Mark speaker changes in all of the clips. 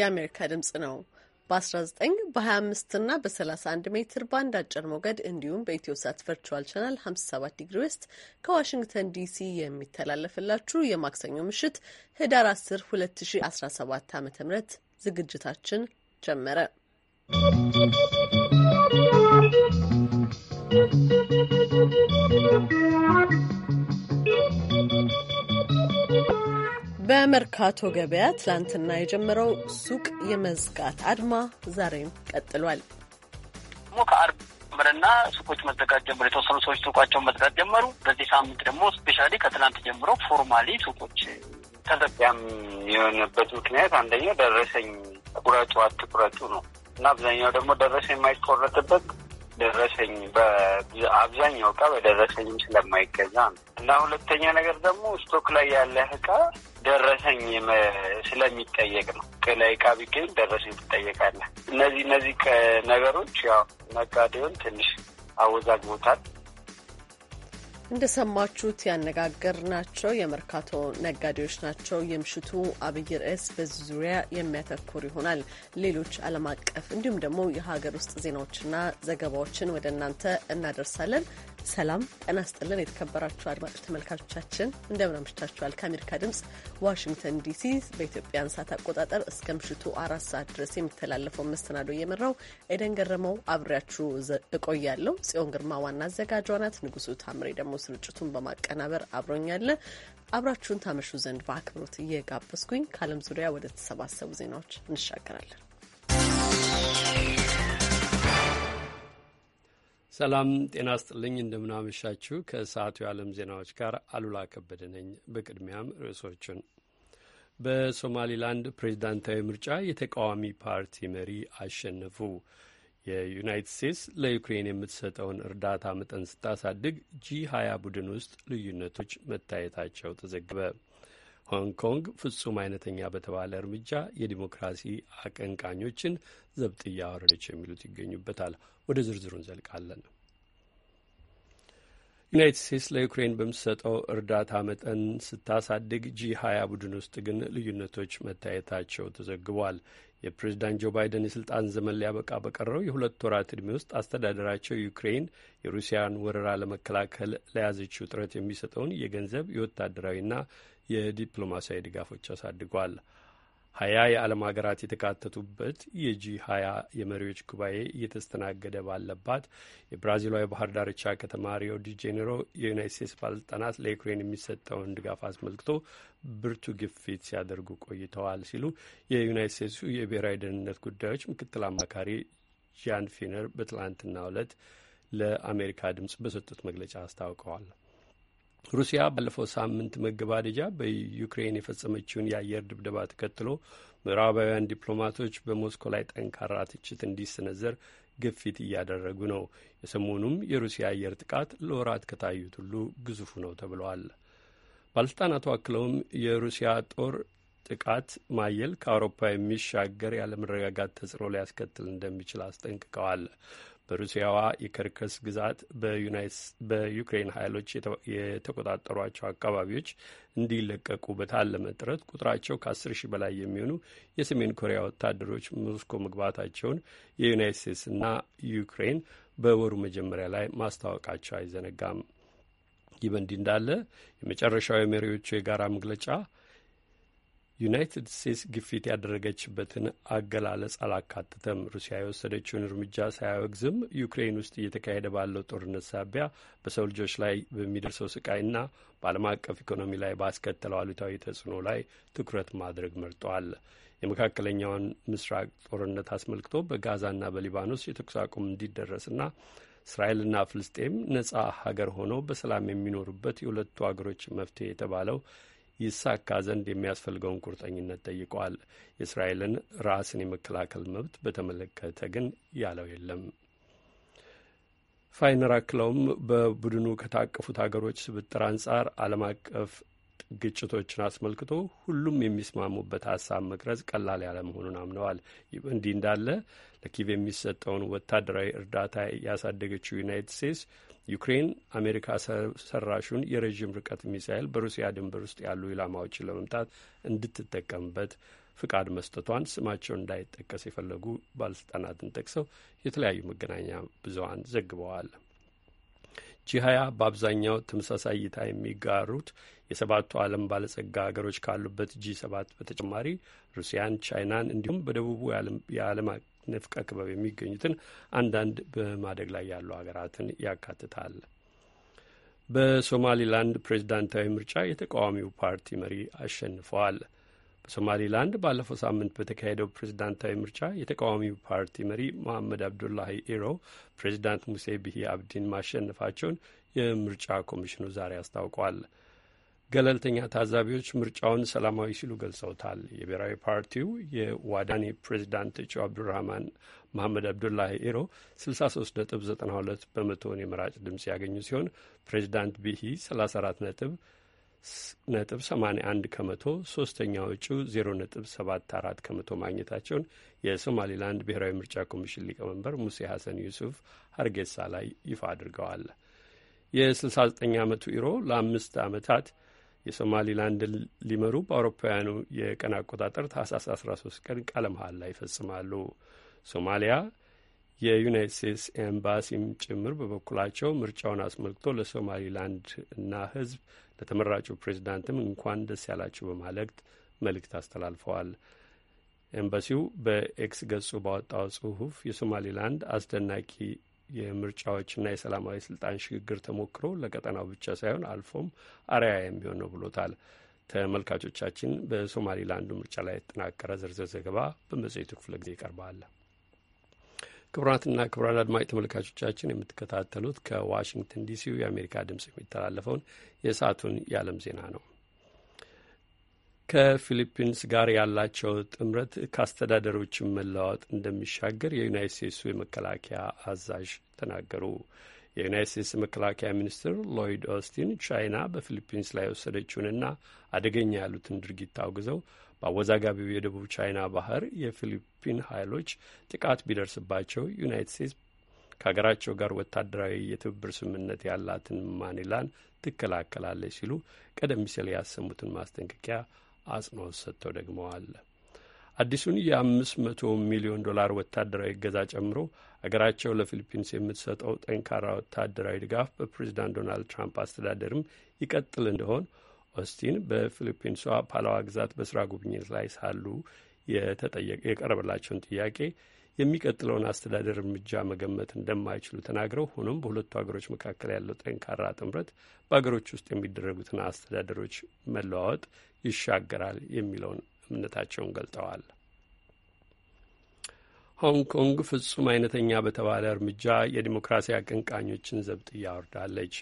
Speaker 1: የአሜሪካ ድምጽ ነው። በ19 በ25 እና በ31 ሜትር ባንድ አጭር ሞገድ እንዲሁም ሳት ቨርቹዋል ቻናል 57 ዲግሪ ውስጥ ከዋሽንግተን ዲሲ የሚተላለፍላችሁ የማክሰኞ ምሽት ህዳር 10 2017 ዓ ም ዝግጅታችን ጀመረ። ¶¶ በመርካቶ ገበያ ትላንትና የጀመረው ሱቅ የመዝጋት አድማ ዛሬም ቀጥሏል።
Speaker 2: ከአርብ ሱቆች መዘጋት ጀምሩ። የተወሰኑ ሰዎች ሱቋቸውን መዝጋት ጀመሩ። በዚህ ሳምንት ደግሞ ስፔሻሊ ከትናንት ጀምሮ ፎርማሊ ሱቆች ተዘጋም የሆነበት
Speaker 3: ምክንያት አንደኛው ደረሰኝ
Speaker 2: ቁረጡ አትቁረጡ ነው እና አብዛኛው ደግሞ ደረሰኝ የማይቆረጥበት ደረሰኝ አብዛኛው እቃ በደረሰኝም ስለማይገዛ ነው እና ሁለተኛ ነገር ደግሞ ስቶክ ላይ ያለ እቃ ደረሰኝ ስለሚጠየቅ ነው። ከላይ እቃ ቢገኝ ደረሰኝ ትጠየቃለህ። እነዚህ እነዚህ ነገሮች ያው ነጋዴውን ትንሽ አወዛግቦታል።
Speaker 1: እንደሰማችሁት ያነጋገር ናቸው የመርካቶ ነጋዴዎች ናቸው። የምሽቱ አብይ ርዕስ በዚህ ዙሪያ የሚያተኩር ይሆናል። ሌሎች ዓለም አቀፍ እንዲሁም ደግሞ የሀገር ውስጥ ዜናዎችና ዘገባዎችን ወደ እናንተ እናደርሳለን። ሰላም ጤና ይስጥልን። የተከበራችሁ አድማጮች ተመልካቾቻችን እንደምን አምሽታችኋል? ከአሜሪካ ድምጽ ዋሽንግተን ዲሲ በኢትዮጵያ ሰዓት አቆጣጠር እስከ ምሽቱ አራት ሰዓት ድረስ የሚተላለፈውን መሰናዶ እየመራው ኤደን ገረመው አብሬያችሁ እቆያለሁ። ጽዮን ግርማ ዋና አዘጋጇ ናት። ንጉሱ ታምሬ ደግሞ ስርጭቱን በማቀናበር አብሮኛለ። አብራችሁን ታመሹ ዘንድ በአክብሮት እየጋበዝኩኝ ከዓለም ዙሪያ ወደ ተሰባሰቡ ዜናዎች እንሻገራለን።
Speaker 4: ሰላም ጤና ስጥልኝ። እንደምናመሻችሁ። ከሰዓቱ የዓለም ዜናዎች ጋር አሉላ ከበደ ነኝ። በቅድሚያም ርዕሶቹን በሶማሊላንድ ፕሬዚዳንታዊ ምርጫ የተቃዋሚ ፓርቲ መሪ አሸነፉ። የዩናይትድ ስቴትስ ለዩክሬን የምትሰጠውን እርዳታ መጠን ስታሳድግ ጂ ሀያ ቡድን ውስጥ ልዩነቶች መታየታቸው ተዘገበ። ሆንግ ኮንግ ፍጹም አይነተኛ በተባለ እርምጃ የዲሞክራሲ አቀንቃኞችን ዘብጥያ ወረደች የሚሉት ይገኙበታል። ወደ ዝርዝሩ እንዘልቃለን። ዩናይትድ ስቴትስ ለዩክሬን በምትሰጠው እርዳታ መጠን ስታሳድግ ጂ ሀያ ቡድን ውስጥ ግን ልዩነቶች መታየታቸው ተዘግቧል። የፕሬዚዳንት ጆ ባይደን የስልጣን ዘመን ሊያበቃ በቀረው የሁለት ወራት ዕድሜ ውስጥ አስተዳደራቸው ዩክሬን የሩሲያን ወረራ ለመከላከል ለያዘችው ጥረት የሚሰጠውን የገንዘብ የወታደራዊና የዲፕሎማሲያዊ ድጋፎች አሳድጓል። ሀያ የዓለም ሀገራት የተካተቱበት የጂ ሀያ የመሪዎች ጉባኤ እየተስተናገደ ባለባት የብራዚሏ የባህር ዳርቻ ከተማ ሪዮ ዲ ጄኔሮ የዩናይት ስቴትስ ባለስልጣናት ለዩክሬን የሚሰጠውን ድጋፍ አስመልክቶ ብርቱ ግፊት ሲያደርጉ ቆይተዋል ሲሉ የዩናይት ስቴትሱ የብሔራዊ ደህንነት ጉዳዮች ምክትል አማካሪ ጃን ፊነር በትላንትናው ዕለት ለአሜሪካ ድምጽ በሰጡት መግለጫ አስታውቀዋል። ሩሲያ ባለፈው ሳምንት መገባደጃ በዩክሬን የፈጸመችውን የአየር ድብደባ ተከትሎ ምዕራባውያን ዲፕሎማቶች በሞስኮ ላይ ጠንካራ ትችት እንዲሰነዘር ግፊት እያደረጉ ነው። የሰሞኑም የሩሲያ አየር ጥቃት ለወራት ከታዩት ሁሉ ግዙፉ ነው ተብለዋል። ባለስልጣናቱ አክለውም የሩሲያ ጦር ጥቃት ማየል ከአውሮፓ የሚሻገር ያለመረጋጋት ተጽዕኖ ሊያስከትል እንደሚችል አስጠንቅቀዋል። በሩሲያዋ የከርከስ ግዛት በዩክሬን ኃይሎች የተቆጣጠሯቸው አካባቢዎች እንዲለቀቁ በታለመ ጥረት ቁጥራቸው ከአስር ሺህ በላይ የሚሆኑ የሰሜን ኮሪያ ወታደሮች ሞስኮ መግባታቸውን የዩናይት ስቴትስና ዩክሬን በወሩ መጀመሪያ ላይ ማስታወቃቸው አይዘነጋም። ይህ በእንዲህ እንዳለ የመጨረሻው የመሪዎቹ የጋራ መግለጫ ዩናይትድ ስቴትስ ግፊት ያደረገችበትን አገላለጽ አላካተተም። ሩሲያ የወሰደችውን እርምጃ ሳያወግዝም ዩክሬን ውስጥ እየተካሄደ ባለው ጦርነት ሳቢያ በሰው ልጆች ላይ በሚደርሰው ስቃይና በዓለም አቀፍ ኢኮኖሚ ላይ ባስከተለው አሉታዊ ተጽዕኖ ላይ ትኩረት ማድረግ መርጧል። የመካከለኛውን ምስራቅ ጦርነት አስመልክቶ በጋዛና በሊባኖስ የተኩስ አቁም እንዲደረስና እስራኤልና ፍልስጤም ነጻ ሀገር ሆነው በሰላም የሚኖሩበት የሁለቱ ሀገሮች መፍትሄ የተባለው ይሳካ ዘንድ የሚያስፈልገውን ቁርጠኝነት ጠይቋል። የእስራኤልን ራስን የመከላከል መብት በተመለከተ ግን ያለው የለም። ፋይነር አክለውም በቡድኑ ከታቀፉት ሀገሮች ስብጥር አንጻር ዓለም አቀፍ ግጭቶችን አስመልክቶ ሁሉም የሚስማሙበት ሀሳብ መቅረጽ ቀላል ያለመሆኑን አምነዋል። ይህ እንዲህ እንዳለ ለኪቭ የሚሰጠውን ወታደራዊ እርዳታ ያሳደገችው ዩናይትድ ስቴትስ ዩክሬን አሜሪካ ሰራሹን የረዥም ርቀት ሚሳይል በሩሲያ ድንበር ውስጥ ያሉ ኢላማዎችን ለመምታት እንድትጠቀምበት ፍቃድ መስጠቷን ስማቸው እንዳይጠቀስ የፈለጉ ባለስልጣናትን ጠቅሰው የተለያዩ መገናኛ ብዙኃን ዘግበዋል። ጂ ሀያ በአብዛኛው ተመሳሳይ እይታ የሚጋሩት የሰባቱ ዓለም ባለጸጋ ሀገሮች ካሉበት ጂ ሰባት በተጨማሪ ሩሲያን፣ ቻይናን እንዲሁም በደቡቡ የዓለም ንፍቀ ክበብ የሚገኙትን አንዳንድ በማደግ ላይ ያሉ ሀገራትን ያካትታል። በሶማሊላንድ ፕሬዝዳንታዊ ምርጫ የተቃዋሚው ፓርቲ መሪ አሸንፈዋል። በሶማሊላንድ ባለፈው ሳምንት በተካሄደው ፕሬዝዳንታዊ ምርጫ የተቃዋሚው ፓርቲ መሪ መሐመድ አብዱላሂ ኢሮ ፕሬዝዳንት ሙሴ ቢሂ አብዲን ማሸነፋቸውን የምርጫ ኮሚሽኑ ዛሬ አስታውቋል። ገለልተኛ ታዛቢዎች ምርጫውን ሰላማዊ ሲሉ ገልጸውታል። የብሔራዊ ፓርቲው የዋዳኔ ፕሬዚዳንት እጩ አብዱራህማን መሐመድ አብዱላሂ ኢሮ 63 ነጥብ 92 በመቶውን የመራጭ ድምፅ ያገኙ ሲሆን ፕሬዚዳንት ቢሂ 34 ነጥብ ነጥብ 81 ከመቶ፣ ሶስተኛ እጩ 0 ነጥብ 74 ከመቶ ማግኘታቸውን የሶማሊላንድ ብሔራዊ ምርጫ ኮሚሽን ሊቀመንበር ሙሴ ሐሰን ዩሱፍ ሀርጌሳ ላይ ይፋ አድርገዋል። የ69 ዓመቱ ኢሮ ለአምስት ዓመታት የሶማሊላንድ ሊመሩ በአውሮፓውያኑ የቀን አቆጣጠር ታህሳስ 13 ቀን ቃለ ላይ ይፈጽማሉ። ሶማሊያ የዩናይት ስቴትስ ኤምባሲም ጭምር በበኩላቸው ምርጫውን አስመልክቶ ለሶማሊላንድ እና ህዝብ ለተመራጩ ፕሬዚዳንትም እንኳን ደስ ያላቸው በማለት መልእክት አስተላልፈዋል። ኤምባሲው በኤክስ ገጹ ባወጣው ጽሁፍ የሶማሊላንድ አስደናቂ የምርጫዎችና የሰላማዊ ስልጣን ሽግግር ተሞክሮ ለቀጠናው ብቻ ሳይሆን አልፎም አርያ የሚሆን ነው ብሎታል። ተመልካቾቻችን በሶማሌላንዱ ምርጫ ላይ የተጠናቀረ ዝርዝር ዘገባ በመጽሔቱ ክፍለ ጊዜ ይቀርባል። ክቡራትና ክቡራን አድማጭ ተመልካቾቻችን የምትከታተሉት ከዋሽንግተን ዲሲው የአሜሪካ ድምፅ የሚተላለፈውን የሰዓቱን የዓለም ዜና ነው። ከፊሊፒንስ ጋር ያላቸው ጥምረት ከአስተዳደሮችን መለዋወጥ እንደሚሻገር የዩናይት ስቴትሱ የመከላከያ አዛዥ ተናገሩ። የዩናይት ስቴትስ መከላከያ ሚኒስትር ሎይድ ኦስቲን ቻይና በፊሊፒንስ ላይ የወሰደችውንና አደገኛ ያሉትን ድርጊት አውግዘው በአወዛጋቢው የደቡብ ቻይና ባህር የፊሊፒን ኃይሎች ጥቃት ቢደርስባቸው ዩናይት ስቴትስ ከሀገራቸው ጋር ወታደራዊ የትብብር ስምምነት ያላትን ማኒላን ትከላከላለች ሲሉ ቀደም ሲል ያሰሙትን ማስጠንቀቂያ አጽንኦት ሰጥተው ደግመዋል። አዲሱን የአምስት መቶ ሚሊዮን ዶላር ወታደራዊ እገዛ ጨምሮ አገራቸው ለፊሊፒንስ የምትሰጠው ጠንካራ ወታደራዊ ድጋፍ በፕሬዚዳንት ዶናልድ ትራምፕ አስተዳደርም ይቀጥል እንደሆን ኦስቲን በፊሊፒንሷ ፓላዋ ግዛት በስራ ጉብኝት ላይ ሳሉ የቀረበላቸውን ጥያቄ የሚቀጥለውን አስተዳደር እርምጃ መገመት እንደማይችሉ ተናግረው ሆኖም በሁለቱ ሀገሮች መካከል ያለው ጠንካራ ጥምረት በሀገሮች ውስጥ የሚደረጉትን አስተዳደሮች መለዋወጥ ይሻገራል የሚለውን እምነታቸውን ገልጠዋል። ሆንግ ኮንግ ፍጹም አይነተኛ በተባለ እርምጃ የዲሞክራሲ አቀንቃኞችን ዘብጥ እያወርዳለች።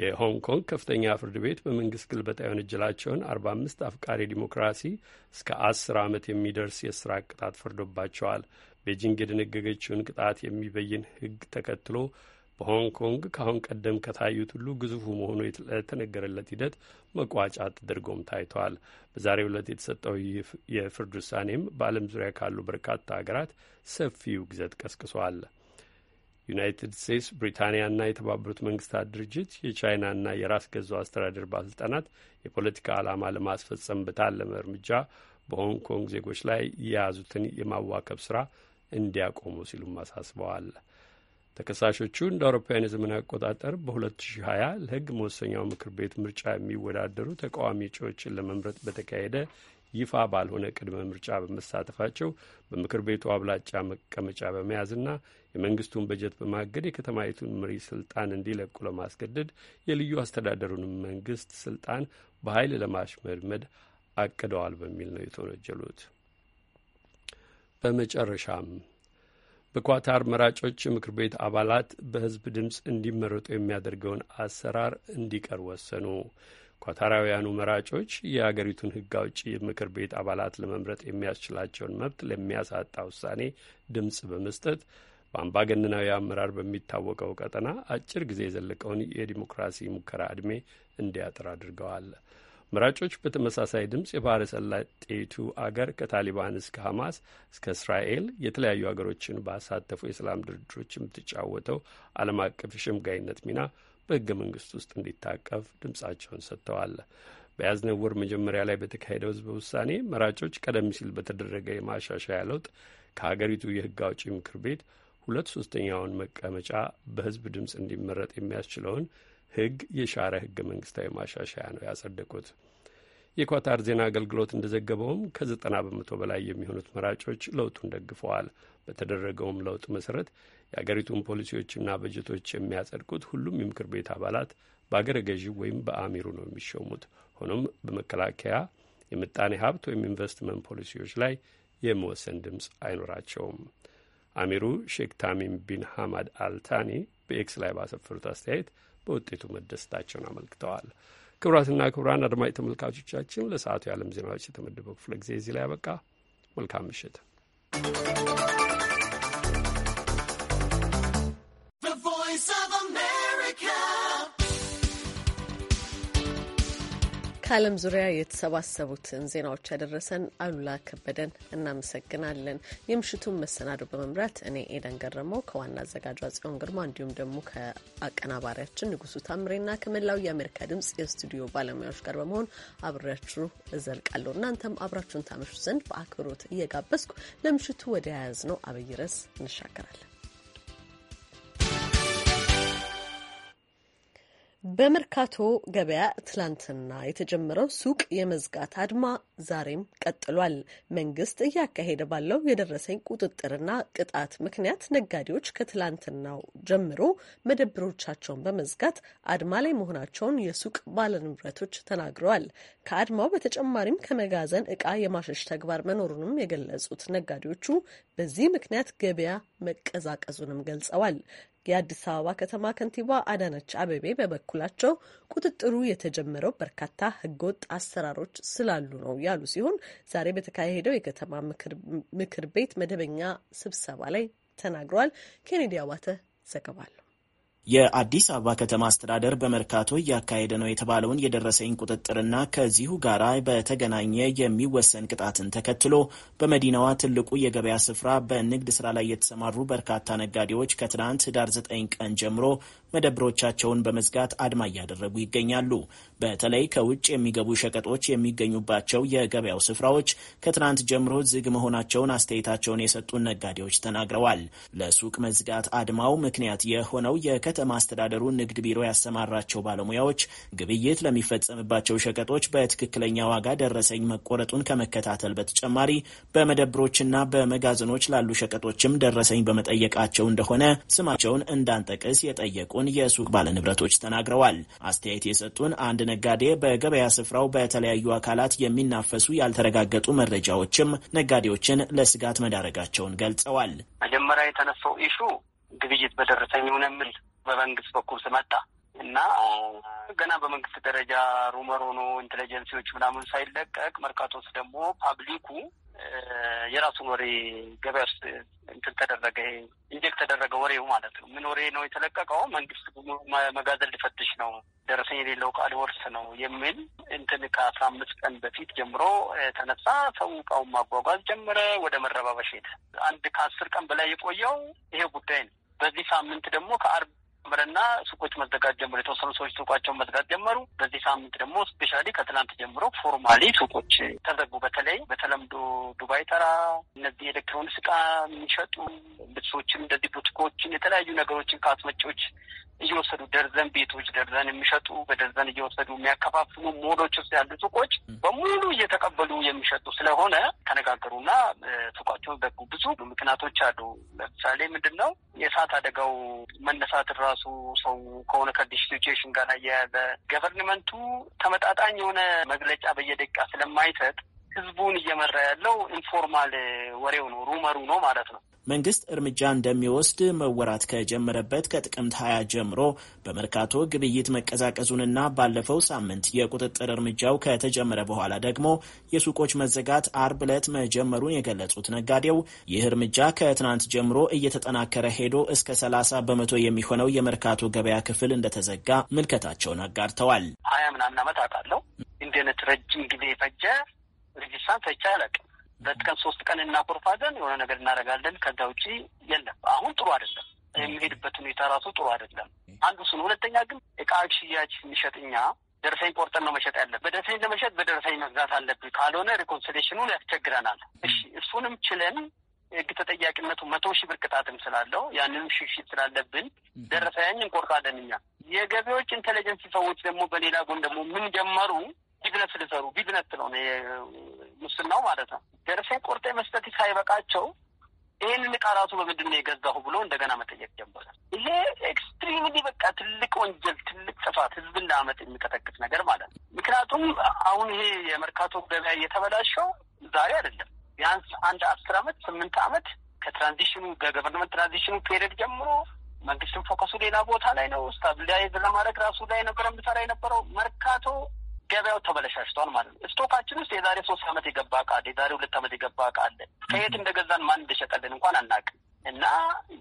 Speaker 4: የሆንግ ኮንግ ከፍተኛ ፍርድ ቤት በመንግስት ግልበጣ የወነጀላቸውን አርባ አምስት አፍቃሪ ዲሞክራሲ እስከ አስር ዓመት የሚደርስ የስራ ቅጣት ፈርዶባቸዋል። ቤጂንግ የደነገገችውን ቅጣት የሚበይን ህግ ተከትሎ በሆንግ ኮንግ ከአሁን ቀደም ከታዩት ሁሉ ግዙፉ መሆኑ የተነገረለት ሂደት መቋጫ ተደርጎም ታይቷል። በዛሬው ዕለት የተሰጠው የፍርድ ውሳኔም በዓለም ዙሪያ ካሉ በርካታ ሀገራት ሰፊ ውግዘት ቀስቅሷል። ዩናይትድ ስቴትስ፣ ብሪታንያና የተባበሩት መንግስታት ድርጅት የቻይናና የራስ ገዙ አስተዳደር ባለስልጣናት የፖለቲካ ዓላማ ለማስፈጸም በታለመ እርምጃ በሆንግ ኮንግ ዜጎች ላይ የያዙትን የማዋከብ ስራ እንዲያቆሙ ሲሉም አሳስበዋል። ተከሳሾቹ እንደ አውሮፓውያን የዘመን አቆጣጠር በ2020 ለሕግ መወሰኛው ምክር ቤት ምርጫ የሚወዳደሩ ተቃዋሚ እጩዎችን ለመምረጥ በተካሄደ ይፋ ባልሆነ ቅድመ ምርጫ በመሳተፋቸው በምክር ቤቱ አብላጫ መቀመጫ በመያዝና የመንግስቱን በጀት በማገድ የከተማይቱን መሪ ስልጣን እንዲለቁ ለማስገደድ የልዩ አስተዳደሩን መንግስት ስልጣን በኃይል ለማሽመድመድ አቅደዋል በሚል ነው የተወነጀሉት። በመጨረሻም በኳታር መራጮች ምክር ቤት አባላት በህዝብ ድምፅ እንዲመረጡ የሚያደርገውን አሰራር እንዲቀር ወሰኑ። ኳታራውያኑ መራጮች የአገሪቱን ህግ አውጪ ምክር ቤት አባላት ለመምረጥ የሚያስችላቸውን መብት ለሚያሳጣ ውሳኔ ድምፅ በመስጠት በአምባገነናዊ አመራር በሚታወቀው ቀጠና አጭር ጊዜ የዘለቀውን የዲሞክራሲ ሙከራ ዕድሜ እንዲያጥር አድርገዋል። መራጮች በተመሳሳይ ድምፅ የባህረ ሰላጤቱ አገር ከታሊባን እስከ ሐማስ እስከ እስራኤል የተለያዩ ሀገሮችን ባሳተፉ የሰላም ድርድሮች የምትጫወተው ዓለም አቀፍ የሸምጋይነት ሚና በሕገ መንግስት ውስጥ እንዲታቀፍ ድምፃቸውን ሰጥተዋል። በያዝነው ወር መጀመሪያ ላይ በተካሄደው ህዝበ ውሳኔ መራጮች ቀደም ሲል በተደረገ የማሻሻያ ለውጥ ከሀገሪቱ የህግ አውጪ ምክር ቤት ሁለት ሶስተኛውን መቀመጫ በህዝብ ድምፅ እንዲመረጥ የሚያስችለውን ህግ የሻረ ህገ መንግስታዊ ማሻሻያ ነው ያጸደቁት። የኳታር ዜና አገልግሎት እንደዘገበውም ከዘጠና በመቶ በላይ የሚሆኑት መራጮች ለውጡን ደግፈዋል። በተደረገውም ለውጥ መሰረት የአገሪቱን ፖሊሲዎችና በጀቶች የሚያጸድቁት ሁሉም የምክር ቤት አባላት በአገረ ገዢ ወይም በአሚሩ ነው የሚሾሙት። ሆኖም በመከላከያ የምጣኔ ሀብት ወይም ኢንቨስትመንት ፖሊሲዎች ላይ የመወሰን ድምፅ አይኖራቸውም። አሚሩ ሼክ ታሚም ቢን ሐማድ አልታኒ በኤክስ ላይ ባሰፈሩት አስተያየት በውጤቱ መደሰታቸውን አመልክተዋል። ክቡራትና ክቡራን አድማጭ ተመልካቾቻችን ለሰዓቱ የዓለም ዜናዎች የተመደበው ክፍለ ጊዜ እዚህ ላይ ያበቃ። መልካም ምሽት።
Speaker 1: ከዓለም ዙሪያ የተሰባሰቡትን ዜናዎች ያደረሰን አሉላ ከበደን እናመሰግናለን። የምሽቱን መሰናዶ በመምራት እኔ ኤደን ገረመው ከዋና አዘጋጇ ጽዮን ግርማ እንዲሁም ደግሞ ከአቀናባሪያችን ንጉሱ ታምሬና ከመላው የአሜሪካ ድምጽ የስቱዲዮ ባለሙያዎች ጋር በመሆን አብሬያችሁ እዘልቃለሁ። እናንተም አብራችሁን ታመሹ ዘንድ በአክብሮት እየጋበዝኩ ለምሽቱ ወደ ያዝ ነው አብይ ርዕስ እንሻገራለን። በመርካቶ ገበያ ትላንትና የተጀመረው ሱቅ የመዝጋት አድማ ዛሬም ቀጥሏል። መንግስት እያካሄደ ባለው የደረሰኝ ቁጥጥርና ቅጣት ምክንያት ነጋዴዎች ከትላንትናው ጀምሮ መደብሮቻቸውን በመዝጋት አድማ ላይ መሆናቸውን የሱቅ ባለንብረቶች ተናግረዋል። ከአድማው በተጨማሪም ከመጋዘን እቃ የማሸሽ ተግባር መኖሩንም የገለጹት ነጋዴዎቹ በዚህ ምክንያት ገበያ መቀዛቀዙንም ገልጸዋል። የአዲስ አበባ ከተማ ከንቲባ አዳነች አቤቤ በበኩላቸው ቁጥጥሩ የተጀመረው በርካታ ህገወጥ አሰራሮች ስላሉ ነው ያሉ ሲሆን ዛሬ በተካሄደው የከተማ ምክር ቤት መደበኛ ስብሰባ ላይ ተናግረዋል። ኬኔዲ አባተ ዘገባለሁ።
Speaker 5: የአዲስ አበባ ከተማ አስተዳደር በመርካቶ እያካሄደ ነው የተባለውን የደረሰኝ ቁጥጥርና ከዚሁ ጋር በተገናኘ የሚወሰን ቅጣትን ተከትሎ በመዲናዋ ትልቁ የገበያ ስፍራ በንግድ ስራ ላይ የተሰማሩ በርካታ ነጋዴዎች ከትናንት ህዳር 9 ቀን ጀምሮ መደብሮቻቸውን በመዝጋት አድማ እያደረጉ ይገኛሉ። በተለይ ከውጭ የሚገቡ ሸቀጦች የሚገኙባቸው የገበያው ስፍራዎች ከትናንት ጀምሮ ዝግ መሆናቸውን አስተያየታቸውን የሰጡን ነጋዴዎች ተናግረዋል። ለሱቅ መዝጋት አድማው ምክንያት የሆነው የከተማ አስተዳደሩ ንግድ ቢሮ ያሰማራቸው ባለሙያዎች ግብይት ለሚፈጸምባቸው ሸቀጦች በትክክለኛ ዋጋ ደረሰኝ መቆረጡን ከመከታተል በተጨማሪ በመደብሮችና በመጋዘኖች ላሉ ሸቀጦችም ደረሰኝ በመጠየቃቸው እንደሆነ ስማቸውን እንዳንጠቅስ የጠየቁ መሆናቸውን የሱቅ ባለንብረቶች ተናግረዋል። አስተያየት የሰጡን አንድ ነጋዴ በገበያ ስፍራው በተለያዩ አካላት የሚናፈሱ ያልተረጋገጡ መረጃዎችም ነጋዴዎችን ለስጋት መዳረጋቸውን ገልጸዋል።
Speaker 2: መጀመሪያ የተነሳው ኢሹ ግብይት በደረሰኝ ምንምል በመንግስት በኩል ስመጣ እና ገና በመንግስት ደረጃ ሩመር ሆኖ ኢንቴሊጀንሲዎች ምናምን ሳይለቀቅ መርካቶስ ደግሞ ፓብሊኩ የራሱን ወሬ ገበያ ውስጥ እንትን ተደረገ ኢንጀክት ተደረገ ወሬው ማለት ነው። ምን ወሬ ነው የተለቀቀው? መንግስት መጋዘን ሊፈትሽ ነው፣ ደረሰኝ የሌለው ቃል ወርስ ነው የሚል እንትን ከአስራ አምስት ቀን በፊት ጀምሮ ተነሳ። ሰው እቃውን ማጓጓዝ ጀመረ። ወደ መረባበሽ ሄደ። አንድ ከአስር ቀን በላይ የቆየው ይሄ ጉዳይ ነው። በዚህ ሳምንት ደግሞ ከአርብ ጀምርና ሱቆች መዘጋት ጀምሩ። የተወሰኑ ሰዎች ሱቋቸውን መዝጋት ጀመሩ። በዚህ ሳምንት ደግሞ ስፔሻሊ ከትናንት ጀምሮ ፎርማሊ ሱቆች ተዘጉ። በተለይ በተለምዶ ዱባይ ተራ እነዚህ ኤሌክትሮኒክስ እቃ የሚሸጡ ልብሶችን፣ እንደዚህ ቡቲኮችን፣ የተለያዩ ነገሮችን ከአስመጪዎች እየወሰዱ ደርዘን ቤቶች ደርዘን የሚሸጡ በደርዘን እየወሰዱ የሚያከፋፍሉ ሞሎች ውስጥ ያሉ ሱቆች በሙሉ እየተቀበሉ የሚሸጡ ስለሆነ ተነጋገሩና ሱቃቸውን ዘጉ። ብዙ ምክንያቶች አሉ። ለምሳሌ ምንድን ነው የእሳት አደጋው መነሳት ራ ራሱ ሰው ከሆነ ከአዲስ ሲቹዌሽን ጋር ያያዘ ገቨርንመንቱ ተመጣጣኝ የሆነ መግለጫ በየደቂቃ ስለማይሰጥ ህዝቡን እየመራ ያለው ኢንፎርማል ወሬው ነው፣ ሩመሩ ነው ማለት ነው።
Speaker 5: መንግስት እርምጃ እንደሚወስድ መወራት ከጀመረበት ከጥቅምት 20 ጀምሮ በመርካቶ ግብይት መቀዛቀዙንና ባለፈው ሳምንት የቁጥጥር እርምጃው ከተጀመረ በኋላ ደግሞ የሱቆች መዘጋት አርብ ዕለት መጀመሩን የገለጹት ነጋዴው ይህ እርምጃ ከትናንት ጀምሮ እየተጠናከረ ሄዶ እስከ 30 በመቶ የሚሆነው የመርካቶ ገበያ ክፍል እንደተዘጋ ምልከታቸውን አጋርተዋል።
Speaker 2: ሀያ ምናምን አመት አውቃለሁ እንደነት ረጅም ጊዜ ፈጀ ሬዚስታንስ አይቻለቅ ሁለት ቀን ሶስት ቀን እናኮርፋለን፣ የሆነ ነገር እናደርጋለን። ከዛ ውጪ የለም። አሁን ጥሩ አይደለም። የሚሄድበት ሁኔታ ራሱ ጥሩ አይደለም። አንዱ ስን ሁለተኛ ግን እቃዎች ሽያጭ የሚሸጥኛ ደረሰኝ ቆርጠን ነው መሸጥ ያለ። በደረሰኝ ለመሸጥ በደረሰኝ መግዛት አለብን። ካልሆነ ሪኮንሲሌሽኑን ያስቸግረናል። እሺ እሱንም ችለን ህግ ተጠያቂነቱ መቶ ሺህ ብር ቅጣትም ስላለው ያንንም ሽሽት ስላለብን ደረሰኝ እንቆርጣለን እኛ። የገቢዎች ኢንቴሊጀንስ ሰዎች ደግሞ በሌላ ጎን ደግሞ ምን ጀመሩ ቢዝነስ ሊሰሩ ቢዝነስ ነው ሙስናው ማለት ነው። ደርሰኝ ቆርጤ መስጠት ሳይበቃቸው ይህንን ዕቃ ራሱ በምንድን ነው የገዛሁ ብሎ እንደገና መጠየቅ ጀመረ። ይሄ ኤክስትሪምሊ በቃ ትልቅ ወንጀል፣ ትልቅ ጥፋት፣ ህዝብን ለአመት የሚቀጠቅስ ነገር ማለት ነው። ምክንያቱም አሁን ይሄ የመርካቶ ገበያ እየተበላሸው ዛሬ አይደለም ቢያንስ አንድ አስር አመት ስምንት አመት ከትራንዚሽኑ ከገቨርንመንት ትራንዚሽኑ ፔሪድ ጀምሮ መንግስትን ፎከሱ ሌላ ቦታ ላይ ነው። ስታብላይዝ ለማድረግ ራሱ ላይ ነበረ ምሰራ የነበረው መርካቶ ገበያው ተበለሻሽቷል ማለት ነው። ስቶካችን ውስጥ የዛሬ ሶስት ዓመት የገባ ዕቃ አለ። የዛሬ ሁለት ዓመት የገባ ዕቃ አለ። ከየት እንደገዛን ማን እንደሸጠልን እንኳን አናውቅም። እና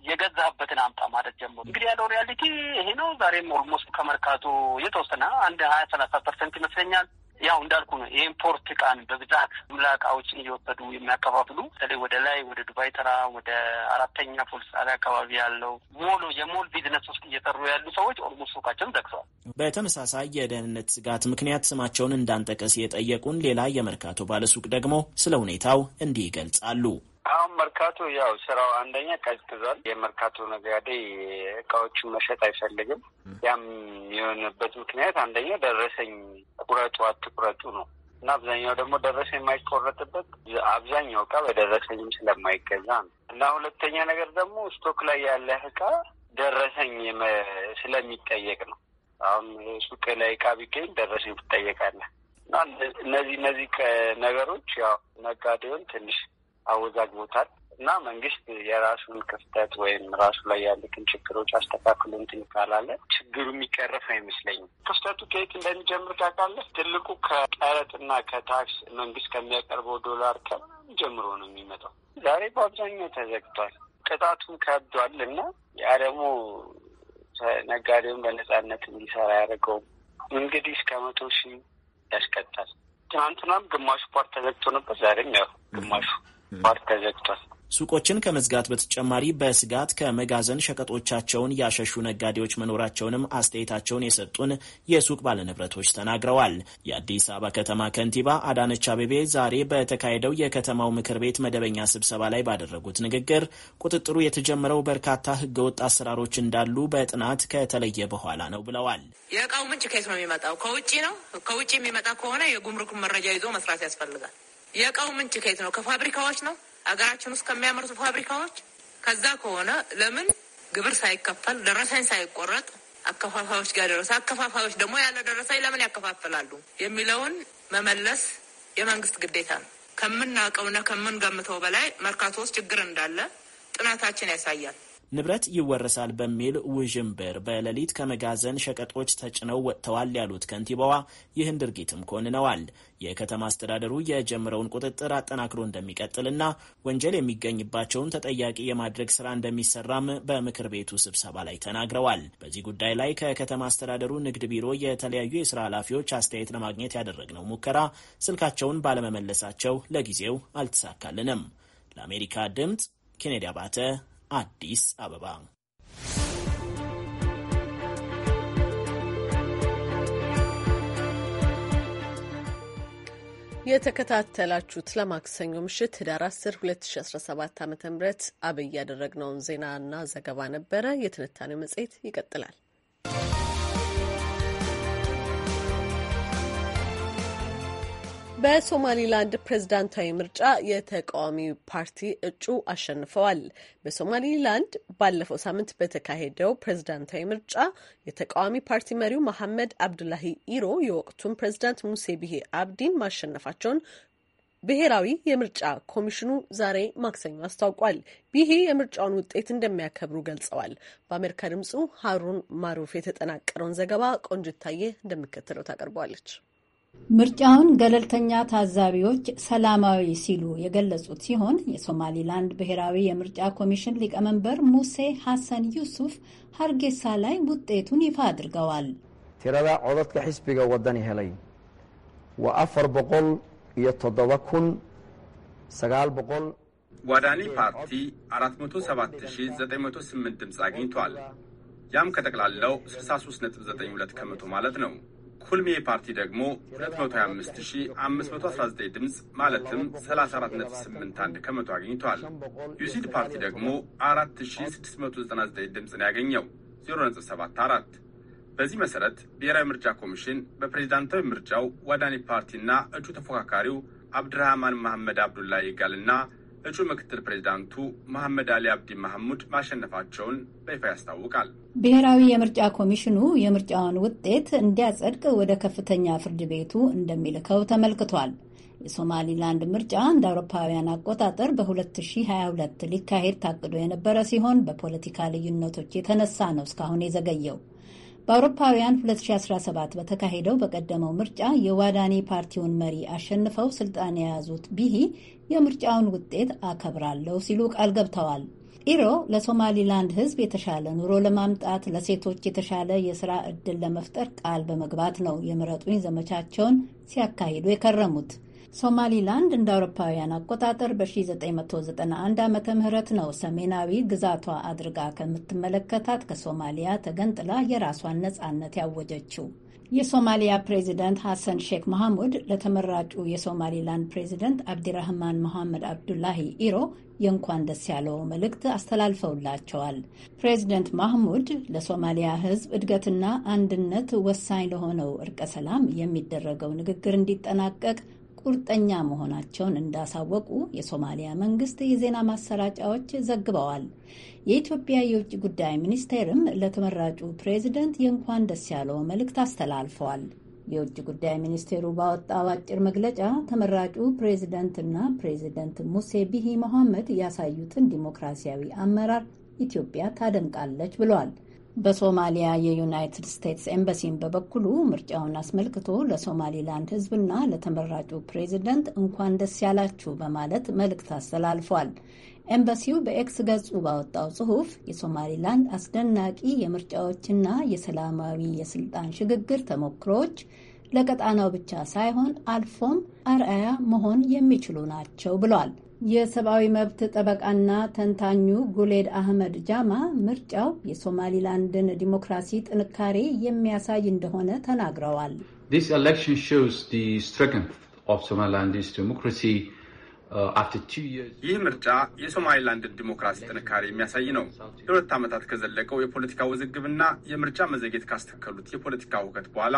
Speaker 2: የገዛህበትን አምጣ ማለት ጀምሩ። እንግዲህ ያለው ሪያሊቲ ይሄ ነው። ዛሬም ኦልሞስት ከመርካቱ የተወሰነ አንድ ሀያ ሰላሳ ፐርሰንት ይመስለኛል ያው እንዳልኩ ነው። የኢምፖርት እቃን በብዛት ጅምላ እቃዎችን እየወሰዱ የሚያከፋፍሉ በተለይ ወደ ላይ ወደ ዱባይ ተራ ወደ አራተኛ ፖሊስ ጣቢያ አካባቢ ያለው ሞሎ የሞል ቢዝነስ ውስጥ እየሰሩ ያሉ ሰዎች
Speaker 5: ኦልሞስት ሱቃቸውን ዘግተዋል። በተመሳሳይ የደህንነት ስጋት ምክንያት ስማቸውን እንዳንጠቀስ የጠየቁን ሌላ የመርካቶ ባለሱቅ ደግሞ ስለ ሁኔታው እንዲህ ይገልጻሉ። አሁን መርካቶ ያው ስራው አንደኛ ቀዝቅዟል። የመርካቶ
Speaker 2: ነጋዴ እቃዎችን መሸጥ አይፈልግም። ያም የሆነበት ምክንያት አንደኛ ደረሰኝ ቁረጡ አትቁረጡ ነው እና አብዛኛው ደግሞ ደረሰ የማይቆረጥበት አብዛኛው እቃ በደረሰኝም ስለማይገዛ ነው እና ሁለተኛ ነገር ደግሞ ስቶክ ላይ ያለ እቃ ደረሰኝ ስለሚጠየቅ ነው። አሁን ሱቅ ላይ እቃ ቢገኝ ደረሰኝ ትጠየቃለህ እና እነዚህ እነዚህ ነገሮች ያው ነጋዴውን ትንሽ አወዛግቦታል እና መንግስት የራሱን ክፍተት ወይም ራሱ ላይ ያሉትን ችግሮች አስተካክሎ እንትን ካላለ
Speaker 3: ችግሩ የሚቀረፍ
Speaker 2: አይመስለኝም። ክፍተቱ ከየት እንደሚጀምር ታውቃለህ? ትልቁ ከቀረጥና ከታክስ መንግስት ከሚያቀርበው ዶላር ጀምሮ ነው የሚመጣው። ዛሬ በአብዛኛው ተዘግቷል፣ ቅጣቱም ከብዷል እና ያ ደግሞ ነጋዴውን በነጻነት እንዲሰራ ያደርገውም እንግዲህ እስከ መቶ ሺህ ያስቀጣል። ትናንትናም ግማሹ ፓርት ተዘግቶ ነበር፣ ዛሬም ያው ግማሹ ማርት ተዘግቷል።
Speaker 5: ሱቆችን ከመዝጋት በተጨማሪ በስጋት ከመጋዘን ሸቀጦቻቸውን ያሸሹ ነጋዴዎች መኖራቸውንም አስተያየታቸውን የሰጡን የሱቅ ባለንብረቶች ተናግረዋል። የአዲስ አበባ ከተማ ከንቲባ አዳነች አቤቤ ዛሬ በተካሄደው የከተማው ምክር ቤት መደበኛ ስብሰባ ላይ ባደረጉት ንግግር ቁጥጥሩ የተጀመረው በርካታ ህገወጥ አሰራሮች እንዳሉ በጥናት ከተለየ በኋላ ነው ብለዋል።
Speaker 6: የእቃው ምንጭ ከየት ነው የሚመጣው? ከውጭ ነው። ከውጭ የሚመጣ ከሆነ የጉምሩክ መረጃ ይዞ መስራት ያስፈልጋል። የእቃው ምንጭ ከየት ነው? ከፋብሪካዎች ነው፣ አገራችን ውስጥ ከሚያመርቱ ፋብሪካዎች። ከዛ ከሆነ ለምን ግብር ሳይከፈል ደረሰኝ ሳይቆረጥ አከፋፋዮች ጋር ደረሰ፣ አከፋፋዮች ደግሞ ያለ ደረሰኝ ለምን ያከፋፍላሉ የሚለውን መመለስ የመንግስት ግዴታ ነው። ከምናውቀውና ከምንገምተው በላይ መርካቶ ውስጥ ችግር እንዳለ ጥናታችን ያሳያል።
Speaker 5: ንብረት ይወረሳል በሚል ውዥንብር በሌሊት ከመጋዘን ሸቀጦች ተጭነው ወጥተዋል ያሉት ከንቲባዋ ይህን ድርጊትም ኮንነዋል። የከተማ አስተዳደሩ የጀመረውን ቁጥጥር አጠናክሮ እንደሚቀጥልና ወንጀል የሚገኝባቸውን ተጠያቂ የማድረግ ስራ እንደሚሰራም በምክር ቤቱ ስብሰባ ላይ ተናግረዋል። በዚህ ጉዳይ ላይ ከከተማ አስተዳደሩ ንግድ ቢሮ የተለያዩ የስራ ኃላፊዎች አስተያየት ለማግኘት ያደረግነው ሙከራ ስልካቸውን ባለመመለሳቸው ለጊዜው አልተሳካልንም። ለአሜሪካ ድምፅ ኬኔዲ አባተ አዲስ አበባ።
Speaker 1: የተከታተላችሁት ለማክሰኞ ምሽት ህዳር 10 2017 ዓ ም አብይ ያደረግነውን ዜናና ዘገባ ነበረ። የትንታኔው መጽሔት ይቀጥላል። በሶማሊላንድ ፕሬዝዳንታዊ ምርጫ የተቃዋሚ ፓርቲ እጩ አሸንፈዋል። በሶማሊላንድ ባለፈው ሳምንት በተካሄደው ፕሬዝዳንታዊ ምርጫ የተቃዋሚ ፓርቲ መሪው መሐመድ አብዱላሂ ኢሮ የወቅቱን ፕሬዝዳንት ሙሴ ቢሄ አብዲን ማሸነፋቸውን ብሔራዊ የምርጫ ኮሚሽኑ ዛሬ ማክሰኞ አስታውቋል። ቢሄ የምርጫውን ውጤት እንደሚያከብሩ ገልጸዋል። በአሜሪካ ድምጹ ሀሩን ማሩፍ የተጠናቀረውን ዘገባ ቆንጅታዬ እንደሚከተለው ታቀርበዋለች።
Speaker 7: ምርጫውን ገለልተኛ ታዛቢዎች ሰላማዊ ሲሉ የገለጹት ሲሆን የሶማሊላንድ ብሔራዊ የምርጫ ኮሚሽን ሊቀመንበር ሙሴ ሐሰን ዩሱፍ ሀርጌሳ ላይ ውጤቱን ይፋ አድርገዋል።
Speaker 2: ቲራዳ ዖዶድካ ሕዝቢጋ ወደን ይሄለይ ወአፈር በቆል የተደበ ኩን ሰጋል በቆል
Speaker 8: ዋዳኒ ፓርቲ 47908 ድምፅ አግኝቷል። ያም ከጠቅላለው 63.92 ከመቶ ማለት ነው። ኩልሜ ፓርቲ ደግሞ 225519 ድምፅ ማለትም 34.81 ከመቶ አግኝቷል። ዩሲድ ፓርቲ ደግሞ 4699 ድምፅ ነው ያገኘው 0.74። በዚህ መሰረት ብሔራዊ ምርጫ ኮሚሽን በፕሬዚዳንታዊ ምርጫው ዋዳኒ ፓርቲና እጩ ተፎካካሪው አብድራህማን መሐመድ አብዱላ ይጋልና እጩ ምክትል ፕሬዚዳንቱ መሐመድ አሊ አብዲ መሐሙድ ማሸነፋቸውን በይፋ ያስታውቃል።
Speaker 7: ብሔራዊ የምርጫ ኮሚሽኑ የምርጫውን ውጤት እንዲያጸድቅ ወደ ከፍተኛ ፍርድ ቤቱ እንደሚልከው ተመልክቷል። የሶማሊላንድ ምርጫ እንደ አውሮፓውያን አቆጣጠር በ2022 ሊካሄድ ታቅዶ የነበረ ሲሆን በፖለቲካ ልዩነቶች የተነሳ ነው እስካሁን የዘገየው። በአውሮፓውያን 2017 በተካሄደው በቀደመው ምርጫ የዋዳኒ ፓርቲውን መሪ አሸንፈው ስልጣን የያዙት ቢሂ የምርጫውን ውጤት አከብራለሁ ሲሉ ቃል ገብተዋል። ኢሮ ለሶማሊላንድ ሕዝብ የተሻለ ኑሮ ለማምጣት ለሴቶች የተሻለ የስራ ዕድል ለመፍጠር ቃል በመግባት ነው የምረጡኝ ዘመቻቸውን ሲያካሂዱ የከረሙት። ሶማሊላንድ እንደ አውሮፓውያን አቆጣጠር በ1991 ዓ ምህረት ነው ሰሜናዊ ግዛቷ አድርጋ ከምትመለከታት ከሶማሊያ ተገንጥላ የራሷን ነጻነት ያወጀችው። የሶማሊያ ፕሬዚደንት ሐሰን ሼክ መሐሙድ ለተመራጩ የሶማሊላንድ ፕሬዚደንት አብዲራህማን መሐመድ አብዱላሂ ኢሮ የእንኳን ደስ ያለው መልእክት አስተላልፈውላቸዋል። ፕሬዚደንት ማህሙድ ለሶማሊያ ሕዝብ እድገትና አንድነት ወሳኝ ለሆነው እርቀ ሰላም የሚደረገው ንግግር እንዲጠናቀቅ ቁርጠኛ መሆናቸውን እንዳሳወቁ የሶማሊያ መንግስት የዜና ማሰራጫዎች ዘግበዋል። የኢትዮጵያ የውጭ ጉዳይ ሚኒስቴርም ለተመራጩ ፕሬዚደንት የእንኳን ደስ ያለው መልእክት አስተላልፈዋል። የውጭ ጉዳይ ሚኒስቴሩ ባወጣው አጭር መግለጫ ተመራጩ ፕሬዚደንትና ፕሬዚደንት ሙሴ ቢሂ መሐመድ ያሳዩትን ዲሞክራሲያዊ አመራር ኢትዮጵያ ታደንቃለች ብለዋል። በሶማሊያ የዩናይትድ ስቴትስ ኤምባሲን በበኩሉ ምርጫውን አስመልክቶ ለሶማሊላንድ ሕዝብና ለተመራጩ ፕሬዚደንት እንኳን ደስ ያላችሁ በማለት መልእክት አስተላልፏል። ኤምባሲው በኤክስ ገጹ ባወጣው ጽሑፍ የሶማሊላንድ አስደናቂ የምርጫዎችና የሰላማዊ የስልጣን ሽግግር ተሞክሮዎች ለቀጣናው ብቻ ሳይሆን አልፎም አርአያ መሆን የሚችሉ ናቸው ብሏል። የሰብአዊ መብት ጠበቃና ተንታኙ ጉሌድ አህመድ ጃማ ምርጫው የሶማሊላንድን ዲሞክራሲ ጥንካሬ የሚያሳይ እንደሆነ ተናግረዋል።
Speaker 9: Uh,
Speaker 8: ይህ ምርጫ የሶማሌላንድን ዲሞክራሲ ጥንካሬ የሚያሳይ ነው። ለሁለት ዓመታት ከዘለቀው የፖለቲካ ውዝግብና የምርጫ መዘግየት ካስተከሉት የፖለቲካ ሁከት በኋላ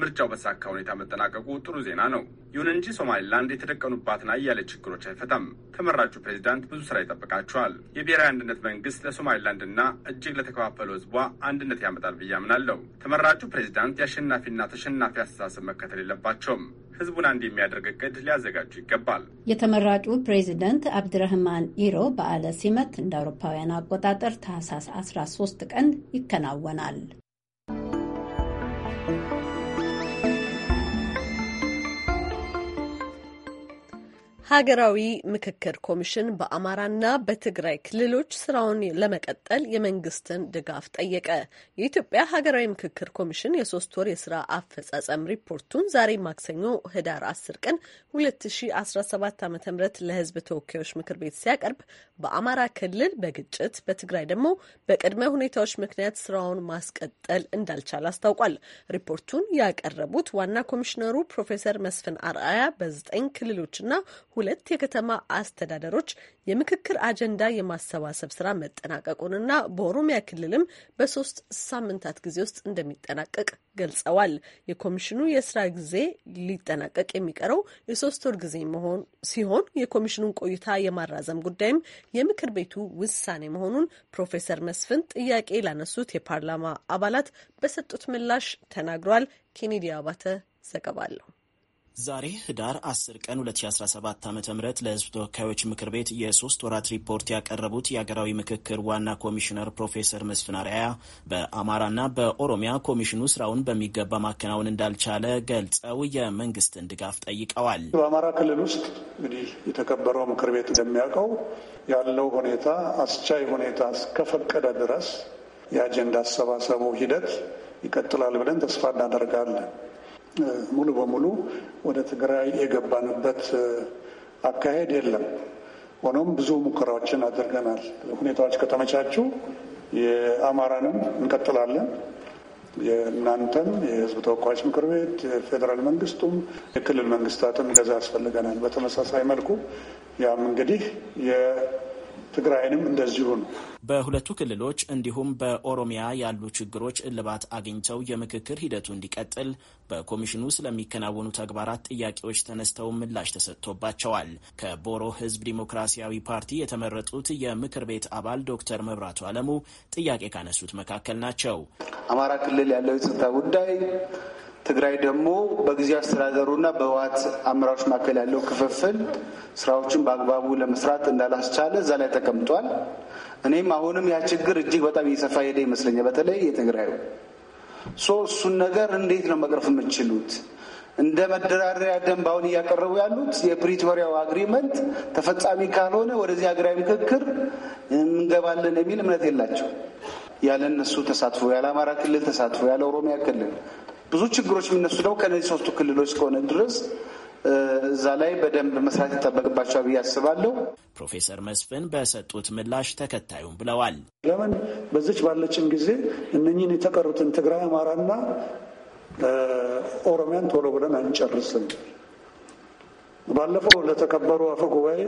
Speaker 8: ምርጫው በሳካ ሁኔታ መጠናቀቁ ጥሩ ዜና ነው። ይሁን እንጂ ሶማሌላንድ የተደቀኑባትን አያሌ ችግሮች አይፈታም። ተመራጩ ፕሬዚዳንት ብዙ ስራ ይጠብቃቸዋል። የብሔራዊ አንድነት መንግስት ለሶማሌላንድና እጅግ ለተከፋፈሉ ህዝቧ አንድነት ያመጣል ብዬ አምናለሁ። ተመራጩ ፕሬዚዳንት የአሸናፊና ተሸናፊ አስተሳሰብ መከተል የለባቸውም። ህዝቡን አንድ የሚያደርግ እቅድ ሊያዘጋጁ ይገባል።
Speaker 7: የተመራጩ ፕሬዚደንት አብድረህማን ኢሮ በዓለ ሲመት እንደ አውሮፓውያን አቆጣጠር ታህሳስ 13 ቀን
Speaker 1: ይከናወናል። ሀገራዊ ምክክር ኮሚሽን በአማራና በትግራይ ክልሎች ስራውን ለመቀጠል የመንግስትን ድጋፍ ጠየቀ። የኢትዮጵያ ሀገራዊ ምክክር ኮሚሽን የሶስት ወር የስራ አፈጻጸም ሪፖርቱን ዛሬ ማክሰኞ ህዳር 10 ቀን 2017 ዓ ም ለህዝብ ተወካዮች ምክር ቤት ሲያቀርብ በአማራ ክልል በግጭት በትግራይ ደግሞ በቅድመ ሁኔታዎች ምክንያት ስራውን ማስቀጠል እንዳልቻል አስታውቋል። ሪፖርቱን ያቀረቡት ዋና ኮሚሽነሩ ፕሮፌሰር መስፍን አርአያ በዘጠኝ ክልሎችና ሁለት የከተማ አስተዳደሮች የምክክር አጀንዳ የማሰባሰብ ስራ መጠናቀቁንና በኦሮሚያ ክልልም በሶስት ሳምንታት ጊዜ ውስጥ እንደሚጠናቀቅ ገልጸዋል። የኮሚሽኑ የስራ ጊዜ ሊጠናቀቅ የሚቀረው የሶስት ወር ጊዜ መሆን ሲሆን የኮሚሽኑን ቆይታ የማራዘም ጉዳይም የምክር ቤቱ ውሳኔ መሆኑን ፕሮፌሰር መስፍን ጥያቄ ላነሱት የፓርላማ አባላት በሰጡት ምላሽ ተናግሯል። ኬኔዲ አባተ ዘገባ አለው።
Speaker 5: ዛሬ ህዳር 10 ቀን 2017 ዓ ም ለህዝብ ተወካዮች ምክር ቤት የሶስት ወራት ሪፖርት ያቀረቡት የአገራዊ ምክክር ዋና ኮሚሽነር ፕሮፌሰር መስፍን አርአያ በአማራና በኦሮሚያ ኮሚሽኑ ስራውን በሚገባ ማከናወን እንዳልቻለ ገልጸው የመንግስትን ድጋፍ ጠይቀዋል።
Speaker 10: በአማራ ክልል ውስጥ እንግዲህ የተከበረው ምክር ቤት እንደሚያውቀው ያለው ሁኔታ አስቻይ ሁኔታ እስከፈቀደ ድረስ የአጀንዳ አሰባሰቡ ሂደት ይቀጥላል ብለን ተስፋ እናደርጋለን። ሙሉ በሙሉ ወደ ትግራይ የገባንበት አካሄድ የለም። ሆኖም ብዙ ሙከራዎችን አድርገናል። ሁኔታዎች ከተመቻቹ የአማራንም እንቀጥላለን። የእናንተም የህዝብ ተወካዮች ምክር ቤት፣ የፌዴራል መንግስቱም፣ የክልል መንግስታትም ገዛ ያስፈልገናል። በተመሳሳይ መልኩ ያም እንግዲህ ትግራይንም እንደዚሁ ነው።
Speaker 5: በሁለቱ ክልሎች እንዲሁም በኦሮሚያ ያሉ ችግሮች እልባት አግኝተው የምክክር ሂደቱ እንዲቀጥል በኮሚሽኑ ስለሚከናወኑ ተግባራት ጥያቄዎች ተነስተው ምላሽ ተሰጥቶባቸዋል። ከቦሮ ሕዝብ ዲሞክራሲያዊ ፓርቲ የተመረጡት የምክር ቤት አባል ዶክተር መብራቱ አለሙ ጥያቄ ካነሱት መካከል ናቸው።
Speaker 9: አማራ ክልል ያለው የጸጥታ ጉዳይ ትግራይ ደግሞ አስተዳደሩ አስተዳደሩና በህወሓት አመራሮች መካከል ያለው ክፍፍል ስራዎችን በአግባቡ ለመስራት እንዳላስቻለ እዛ ላይ ተቀምጧል። እኔም አሁንም ያ ችግር እጅግ በጣም እየሰፋ ሄደ ይመስለኛል። በተለይ የትግራዩ ሶ እሱን ነገር እንዴት ነው መቅረፍ የምትችሉት? እንደ መደራደሪያ ደንብ አሁን እያቀረቡ ያሉት የፕሪቶሪያው አግሪመንት ተፈጻሚ ካልሆነ ወደዚህ ሀገራዊ ምክክር እንገባለን የሚል እምነት የላቸው። ያለ እነሱ ተሳትፎ ያለ አማራ ክልል ተሳትፎ ያለ ኦሮሚያ ክልል ብዙ ችግሮች የሚነሱ ደግሞ ከነዚህ ሶስቱ ክልሎች እስከሆነ ድረስ እዛ ላይ በደንብ መስራት ይጠበቅባቸዋል ብዬ አስባለሁ።
Speaker 5: ፕሮፌሰር መስፍን በሰጡት ምላሽ ተከታዩም ብለዋል። ለምን በዚች ባለችም
Speaker 10: ጊዜ እነኝህን የተቀሩትን ትግራይ፣ አማራና ኦሮሚያን ቶሎ ብለን አንጨርስም። ባለፈው ለተከበሩ አፈ ጉባኤ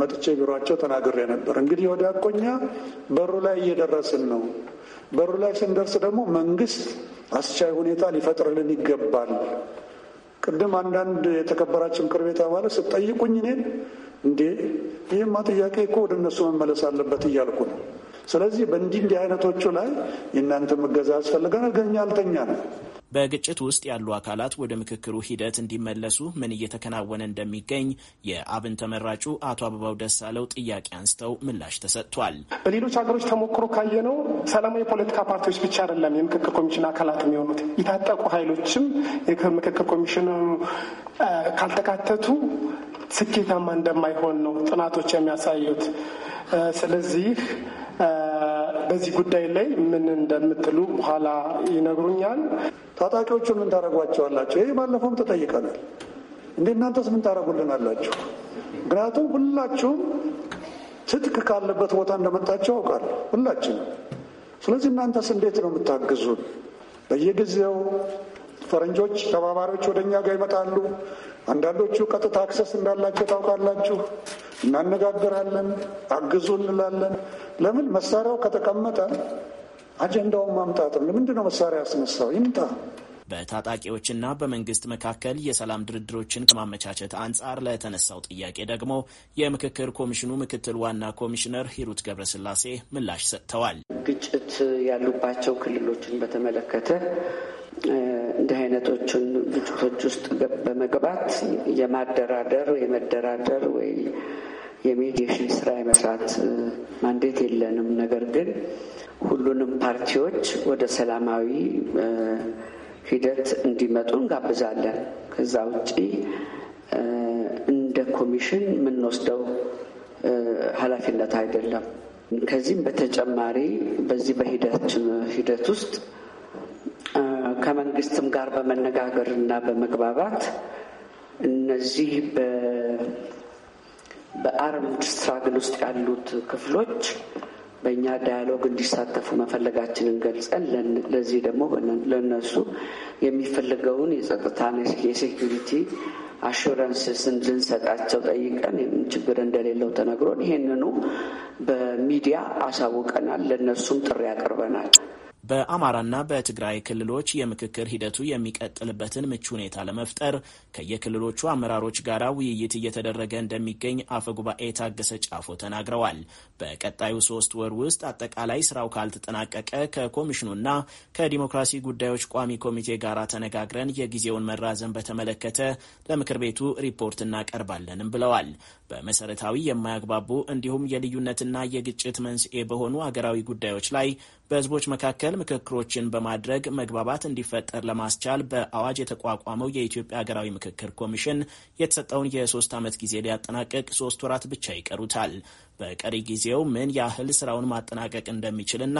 Speaker 10: መጥቼ ቢሯቸው ተናግሬ ነበር። እንግዲህ ወደ አቆኛ በሩ ላይ እየደረስን ነው። በሩ ላይ ስንደርስ ደግሞ መንግስት አስቻይ ሁኔታ ሊፈጥርልን ይገባል። ቅድም አንዳንድ የተከበራችሁ ምክር ቤት አባላት ስጠይቁኝ እኔን እንዴ ይህማ ጥያቄ እኮ ወደ እነሱ መመለስ አለበት እያልኩ ነው። ስለዚህ በእንዲህ እንዲህ አይነቶቹ ላይ የእናንተ እገዛ ያስፈልገናል። ገኛ አልተኛ ነው
Speaker 5: በግጭት ውስጥ ያሉ አካላት ወደ ምክክሩ ሂደት እንዲመለሱ ምን እየተከናወነ እንደሚገኝ የአብን ተመራጩ አቶ አበባው ደሳለው ጥያቄ አንስተው ምላሽ ተሰጥቷል።
Speaker 10: በሌሎች ሀገሮች ተሞክሮ ካየነው ሰላማዊ የፖለቲካ
Speaker 11: ፓርቲዎች ብቻ አይደለም የምክክር ኮሚሽን አካላት የሚሆኑት የታጠቁ ኃይሎችም ምክክር ኮሚሽኑ ካልተካተቱ ስኬታማ እንደማይሆን ነው ጥናቶች
Speaker 10: የሚያሳዩት። ስለዚህ በዚህ ጉዳይ ላይ ምን እንደምትሉ በኋላ ይነግሩኛል። ታጣቂዎቹ ምን ታደረጓቸዋላቸው? ይህ ባለፈውም ተጠይቀናል። እንደ እናንተስ ምን ታደረጉልን አላችሁ? ምክንያቱም ሁላችሁም ትጥቅ ካለበት ቦታ እንደመጣቸው ያውቃል ሁላችን። ስለዚህ እናንተስ እንዴት ነው የምታግዙን? በየጊዜው ፈረንጆች ተባባሪዎች ወደ እኛ ጋር ይመጣሉ። አንዳንዶቹ ቀጥታ አክሰስ እንዳላቸው ታውቃላችሁ። እናነጋግራለን፣ አግዙ እንላለን። ለምን መሳሪያው ከተቀመጠ አጀንዳውን ማምጣት ለምንድነው መሳሪያ ያስነሳው? ይምጣ።
Speaker 5: በታጣቂዎችና በመንግስት መካከል የሰላም ድርድሮችን ከማመቻቸት አንጻር ለተነሳው ጥያቄ ደግሞ የምክክር ኮሚሽኑ ምክትል ዋና ኮሚሽነር ሂሩት ገብረስላሴ ምላሽ ሰጥተዋል።
Speaker 12: ግጭት ያሉባቸው ክልሎችን በተመለከተ እንዲህ አይነቶችን ግጭቶች ውስጥ በመግባት የማደራደር የመደራደር ወይ የሚዲዬሽን ስራ የመስራት ማንዴት የለንም። ነገር ግን ሁሉንም ፓርቲዎች ወደ ሰላማዊ ሂደት እንዲመጡ እንጋብዛለን። ከዛ ውጪ እንደ ኮሚሽን የምንወስደው ኃላፊነት አይደለም። ከዚህም በተጨማሪ በዚህ በሂደችን ሂደት ውስጥ ከመንግስትም ጋር በመነጋገር እና በመግባባት እነዚህ በአርምድ ስትራግል ውስጥ ያሉት ክፍሎች በእኛ ዳያሎግ እንዲሳተፉ መፈለጋችንን ገልጸን ለዚህ ደግሞ ለእነሱ የሚፈልገውን የጸጥታ የሴኪሪቲ አሹራንስስ እንድንሰጣቸው ጠይቀን ችግር እንደሌለው ተነግሮን ይህንኑ በሚዲያ አሳውቀናል። ለእነሱም ጥሪ አቅርበናል።
Speaker 5: በአማራና በትግራይ ክልሎች የምክክር ሂደቱ የሚቀጥልበትን ምቹ ሁኔታ ለመፍጠር ከየክልሎቹ አመራሮች ጋራ ውይይት እየተደረገ እንደሚገኝ አፈጉባኤ ታገሰ ጫፎ ተናግረዋል። በቀጣዩ ሶስት ወር ውስጥ አጠቃላይ ስራው ካልተጠናቀቀ ከኮሚሽኑና ከዲሞክራሲ ጉዳዮች ቋሚ ኮሚቴ ጋር ተነጋግረን የጊዜውን መራዘን በተመለከተ ለምክር ቤቱ ሪፖርት እናቀርባለንም ብለዋል። በመሰረታዊ የማያግባቡ እንዲሁም የልዩነትና የግጭት መንስኤ በሆኑ አገራዊ ጉዳዮች ላይ በህዝቦች መካከል ምክክሮችን በማድረግ መግባባት እንዲፈጠር ለማስቻል በአዋጅ የተቋቋመው የኢትዮጵያ ሀገራዊ ምክክር ኮሚሽን የተሰጠውን የሶስት ዓመት ጊዜ ሊያጠናቀቅ ሶስት ወራት ብቻ ይቀሩታል። በቀሪ ጊዜው ምን ያህል ስራውን ማጠናቀቅ እንደሚችልና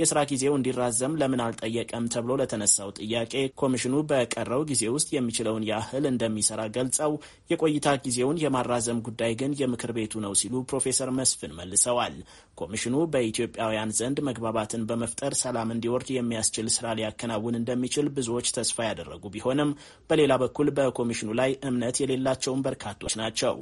Speaker 5: የስራ ጊዜው እንዲራዘም ለምን አልጠየቀም ተብሎ ለተነሳው ጥያቄ ኮሚሽኑ በቀረው ጊዜ ውስጥ የሚችለውን ያህል እንደሚሰራ ገልጸው የቆይታ ጊዜውን የማራዘም ጉዳይ ግን የምክር ቤቱ ነው ሲሉ ፕሮፌሰር መስፍን መልሰዋል። ኮሚሽኑ በኢትዮጵያውያን ዘንድ መግባባትን በመፍጠር ሰላም እንዲወርድ የሚያስችል ስራ ሊያከናውን እንደሚችል ብዙዎች ተስፋ ያደረጉ ቢሆንም በሌላ በኩል በኮሚሽኑ ላይ እምነት የሌላቸውን በርካቶች ናቸው።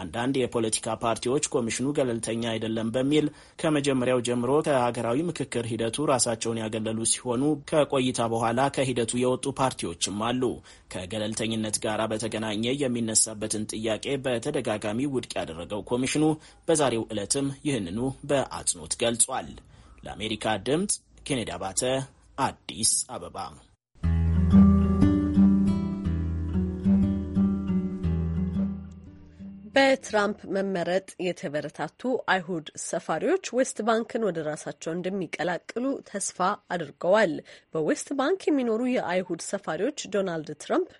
Speaker 5: አንዳንድ የፖለቲካ ፓርቲዎች ኮሚሽኑ ገለልተኛ አይደለም በሚል ከመጀመሪያው ጀምሮ ከሀገራዊ ምክክር ሂደቱ ራሳቸውን ያገለሉ ሲሆኑ ከቆይታ በኋላ ከሂደቱ የወጡ ፓርቲዎችም አሉ። ከገለልተኝነት ጋር በተገናኘ የሚነሳበትን ጥያቄ በተደጋጋሚ ውድቅ ያደረገው ኮሚሽኑ በዛሬው ዕለትም ይህንኑ በአጽንኦት ገልጿል። ለአሜሪካ ድምፅ ኬኔዲ አባተ አዲስ አበባ
Speaker 1: በትራምፕ መመረጥ የተበረታቱ አይሁድ ሰፋሪዎች ዌስት ባንክን ወደ ራሳቸው እንደሚቀላቅሉ ተስፋ አድርገዋል። በዌስት ባንክ የሚኖሩ የአይሁድ ሰፋሪዎች ዶናልድ ትራምፕ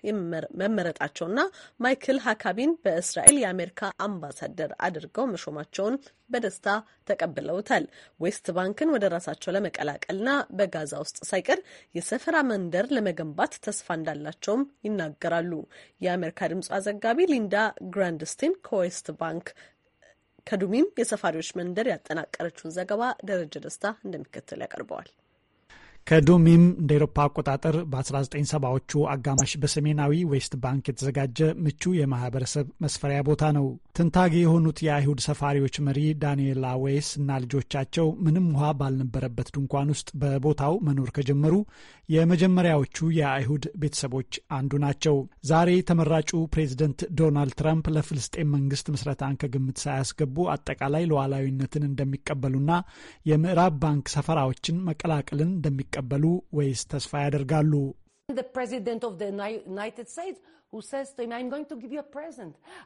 Speaker 1: መመረጣቸውና ማይክል ሀካቢን በእስራኤል የአሜሪካ አምባሳደር አድርገው መሾማቸውን በደስታ ተቀብለውታል። ዌስት ባንክን ወደ ራሳቸው ለመቀላቀልና በጋዛ ውስጥ ሳይቀር የሰፈራ መንደር ለመገንባት ተስፋ እንዳላቸውም ይናገራሉ። የአሜሪካ ድምጽ ዘጋቢ ሊንዳ ግራንድስቲን ከዌስት ባንክ ከዱሚም የሰፋሪዎች መንደር ያጠናቀረችውን ዘገባ ደረጀ ደስታ እንደሚከተል ያቀርበዋል።
Speaker 13: ከዱሚም እንደ ኤሮፓ አቆጣጠር በ1970ዎቹ አጋማሽ በሰሜናዊ ዌስት ባንክ የተዘጋጀ ምቹ የማህበረሰብ መስፈሪያ ቦታ ነው። ትንታጌ የሆኑት የአይሁድ ሰፋሪዎች መሪ ዳንኤላ ዌይስ እና ልጆቻቸው ምንም ውሃ ባልነበረበት ድንኳን ውስጥ በቦታው መኖር ከጀመሩ የመጀመሪያዎቹ የአይሁድ ቤተሰቦች አንዱ ናቸው። ዛሬ ተመራጩ ፕሬዚደንት ዶናልድ ትራምፕ ለፍልስጤም መንግስት ምስረታን ከግምት ሳያስገቡ አጠቃላይ ሉዓላዊነትን እንደሚቀበሉና የምዕራብ ባንክ ሰፈራዎችን መቀላቀልን እንደሚ እንደሚቀበሉ ወይስ ተስፋ ያደርጋሉ?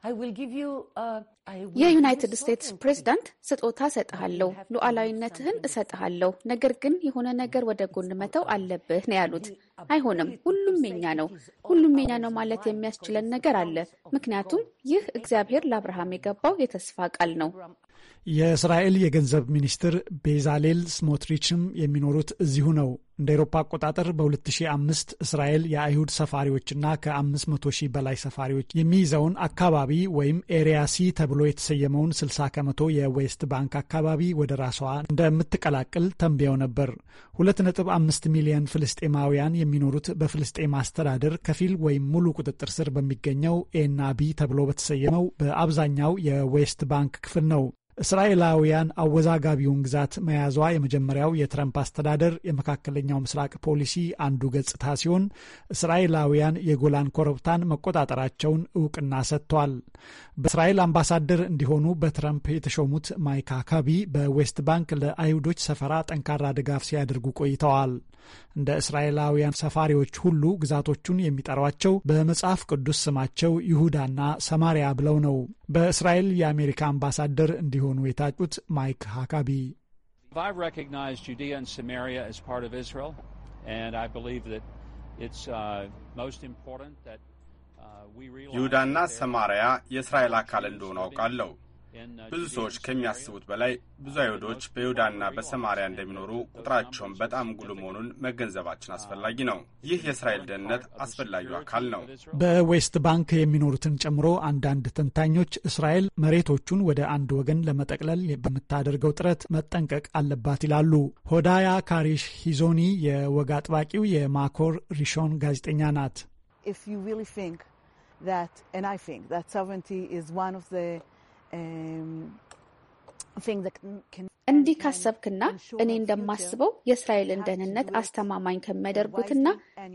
Speaker 6: Uh, የዩናይትድ ስቴትስ
Speaker 7: ፕሬዝዳንት ስጦታ እሰጥሃለሁ፣ ሉዓላዊነትህን እሰጥሃለሁ፣ ነገር ግን የሆነ ነገር ወደ ጎን መተው አለብህ ነው ያሉት። አይሆንም፣ ሁሉም የኛ ነው፣ ሁሉም የኛ ነው ማለት የሚያስችለን ነገር አለ። ምክንያቱም ይህ እግዚአብሔር ለአብርሃም የገባው የተስፋ ቃል ነው።
Speaker 13: የእስራኤል የገንዘብ ሚኒስትር ቤዛሌል ስሞትሪችም የሚኖሩት እዚሁ ነው። እንደ ኤሮፓ አቆጣጠር በ2005 እስራኤል የአይሁድ ሰፋሪዎችና ከ500 ሺህ በላይ ሰፋሪዎች የሚይዘውን አካባቢ ወይም ኤሪያሲ ተብሎ የተሰየመውን 60 ከመቶ የዌስት ባንክ አካባቢ ወደ ራሷ እንደምትቀላቅል ተንብየው ነበር። 2.5 ሚሊዮን ፍልስጤማውያን የሚኖሩት በፍልስጤም አስተዳደር ከፊል ወይም ሙሉ ቁጥጥር ስር በሚገኘው ኤና ቢ ተብሎ በተሰየመው በአብዛኛው የዌስት ባንክ ክፍል ነው። እስራኤላውያን አወዛጋቢውን ግዛት መያዟ የመጀመሪያው የትረምፕ አስተዳደር የመካከለኛው ምስራቅ ፖሊሲ አንዱ ገጽታ ሲሆን እስራኤላውያን የጎላን ኮረብታን መቆጣጠራቸውን እውቅና ሰጥቷል። በእስራኤል አምባሳደር እንዲሆኑ በትረምፕ የተሾሙት ማይካ ካቢ በዌስት ባንክ ለአይሁዶች ሰፈራ ጠንካራ ድጋፍ ሲያደርጉ ቆይተዋል። እንደ እስራኤላውያን ሰፋሪዎች ሁሉ ግዛቶቹን የሚጠሯቸው በመጽሐፍ ቅዱስ ስማቸው ይሁዳና ሰማሪያ ብለው ነው። በእስራኤል የአሜሪካ አምባሳደር እንዲሆኑ እንደሆኑ የታጩት ማይክ ሃካቢ
Speaker 4: ይሁዳና ሰማርያ የእስራኤል አካል እንደሆኑ አውቃለሁ። ብዙ ሰዎች
Speaker 8: ከሚያስቡት በላይ ብዙ አይሁዶች በይሁዳና በሰማሪያ እንደሚኖሩ ቁጥራቸውን በጣም ጉሉ መሆኑን መገንዘባችን አስፈላጊ ነው። ይህ የእስራኤል ደህንነት አስፈላጊው አካል ነው።
Speaker 13: በዌስት ባንክ የሚኖሩትን ጨምሮ አንዳንድ ተንታኞች እስራኤል መሬቶቹን ወደ አንድ ወገን ለመጠቅለል በምታደርገው ጥረት መጠንቀቅ አለባት ይላሉ። ሆዳያ ካሪሽ ሂዞኒ የወግ አጥባቂው የማኮር ሪሾን ጋዜጠኛ ናት።
Speaker 5: Um,
Speaker 7: እንዲህ ካሰብክና እኔ እንደማስበው የእስራኤልን ደህንነት አስተማማኝ ከሚያደርጉትና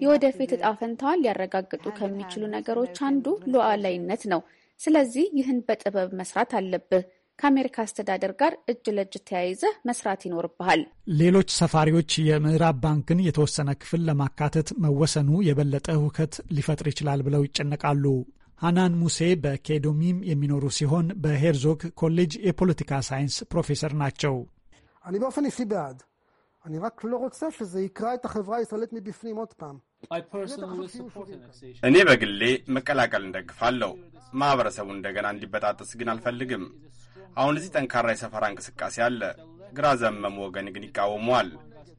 Speaker 7: የወደፊት እጣ ፈንታዋን ሊያረጋግጡ ከሚችሉ ነገሮች አንዱ ሉዓላዊነት ነው። ስለዚህ ይህን በጥበብ መስራት አለብህ። ከአሜሪካ አስተዳደር ጋር እጅ ለእጅ ተያይዘህ መስራት ይኖርብሃል።
Speaker 13: ሌሎች ሰፋሪዎች የምዕራብ ባንክን የተወሰነ ክፍል ለማካተት መወሰኑ የበለጠ ሁከት ሊፈጥር ይችላል ብለው ይጨነቃሉ። አናን ሙሴ በኬዶሚም የሚኖሩ ሲሆን በሄርዞግ ኮሌጅ የፖለቲካ ሳይንስ ፕሮፌሰር ናቸው።
Speaker 8: እኔ በግሌ መቀላቀል እንደግፋለሁ። ማኅበረሰቡ እንደገና እንዲበጣጠስ ግን አልፈልግም። አሁን እዚህ ጠንካራ የሰፈራ እንቅስቃሴ አለ። ግራ ዘመሙ ወገን ግን ይቃወመዋል።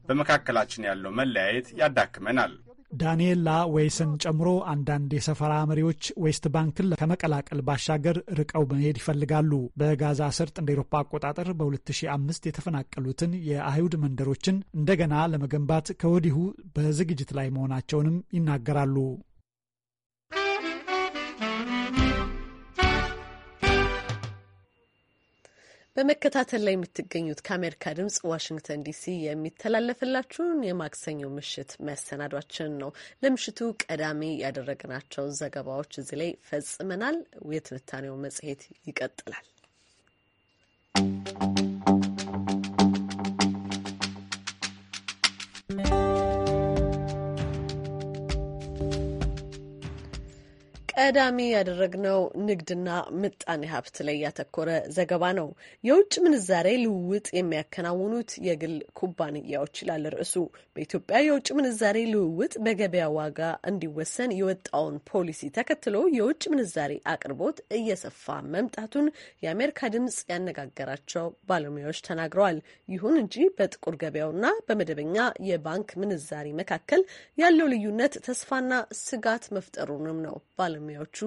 Speaker 8: በመካከላችን ያለው መለያየት ያዳክመናል።
Speaker 13: ዳንኤላ ወይስን ጨምሮ አንዳንድ የሰፈራ መሪዎች ዌስት ባንክን ከመቀላቀል ባሻገር ርቀው መሄድ ይፈልጋሉ። በጋዛ ሰርጥ እንደ ኤሮፓ አቆጣጠር በ2005 የተፈናቀሉትን የአይሁድ መንደሮችን እንደገና ለመገንባት ከወዲሁ በዝግጅት ላይ መሆናቸውንም ይናገራሉ።
Speaker 1: በመከታተል ላይ የምትገኙት ከአሜሪካ ድምጽ ዋሽንግተን ዲሲ የሚተላለፍላችሁን የማክሰኞ ምሽት መሰናዷችን ነው። ለምሽቱ ቀዳሚ ያደረግናቸው ዘገባዎች እዚህ ላይ ፈጽመናል። የትንታኔው መጽሔት ይቀጥላል። Thank you. ቀዳሚ ያደረግነው ንግድና ምጣኔ ሀብት ላይ ያተኮረ ዘገባ ነው። የውጭ ምንዛሬ ልውውጥ የሚያከናውኑት የግል ኩባንያዎች ይላል ርዕሱ። በኢትዮጵያ የውጭ ምንዛሬ ልውውጥ በገበያ ዋጋ እንዲወሰን የወጣውን ፖሊሲ ተከትሎ የውጭ ምንዛሬ አቅርቦት እየሰፋ መምጣቱን የአሜሪካ ድምጽ ያነጋገራቸው ባለሙያዎች ተናግረዋል። ይሁን እንጂ በጥቁር ገበያውና በመደበኛ የባንክ ምንዛሬ መካከል ያለው ልዩነት ተስፋና ስጋት መፍጠሩንም ነው ባለሙያዎቹ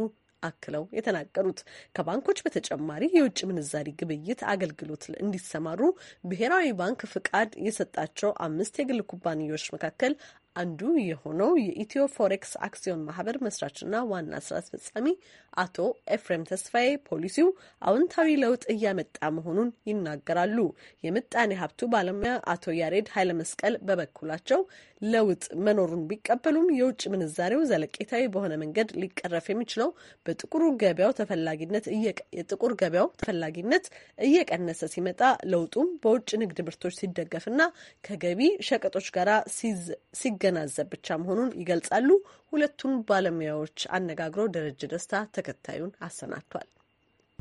Speaker 1: አክለው የተናገሩት ከባንኮች በተጨማሪ የውጭ ምንዛሪ ግብይት አገልግሎት እንዲሰማሩ ብሔራዊ ባንክ ፍቃድ የሰጣቸው አምስት የግል ኩባንያዎች መካከል አንዱ የሆነው የኢትዮ ፎሬክስ አክሲዮን ማህበር መስራችና ዋና ስራ አስፈጻሚ አቶ ኤፍሬም ተስፋዬ ፖሊሲው አዎንታዊ ለውጥ እያመጣ መሆኑን ይናገራሉ። የምጣኔ ሀብቱ ባለሙያ አቶ ያሬድ መስቀል በበኩላቸው ለውጥ መኖሩን ቢቀበሉም የውጭ ምንዛሬው ዘለቄታዊ በሆነ መንገድ ሊቀረፍ የሚችለው በጥቁሩ ገበያው ተፈላጊነት የጥቁር ገበያው ተፈላጊነት እየቀነሰ ሲመጣ ለውጡም በውጭ ንግድ ምርቶች ሲደገፍና ከገቢ ሸቀጦች ጋር ሲገናዘብ ብቻ መሆኑን ይገልጻሉ። ሁለቱን ባለሙያዎች አነጋግሮ ደረጀ ደስታ ተከታዩን አሰናድቷል።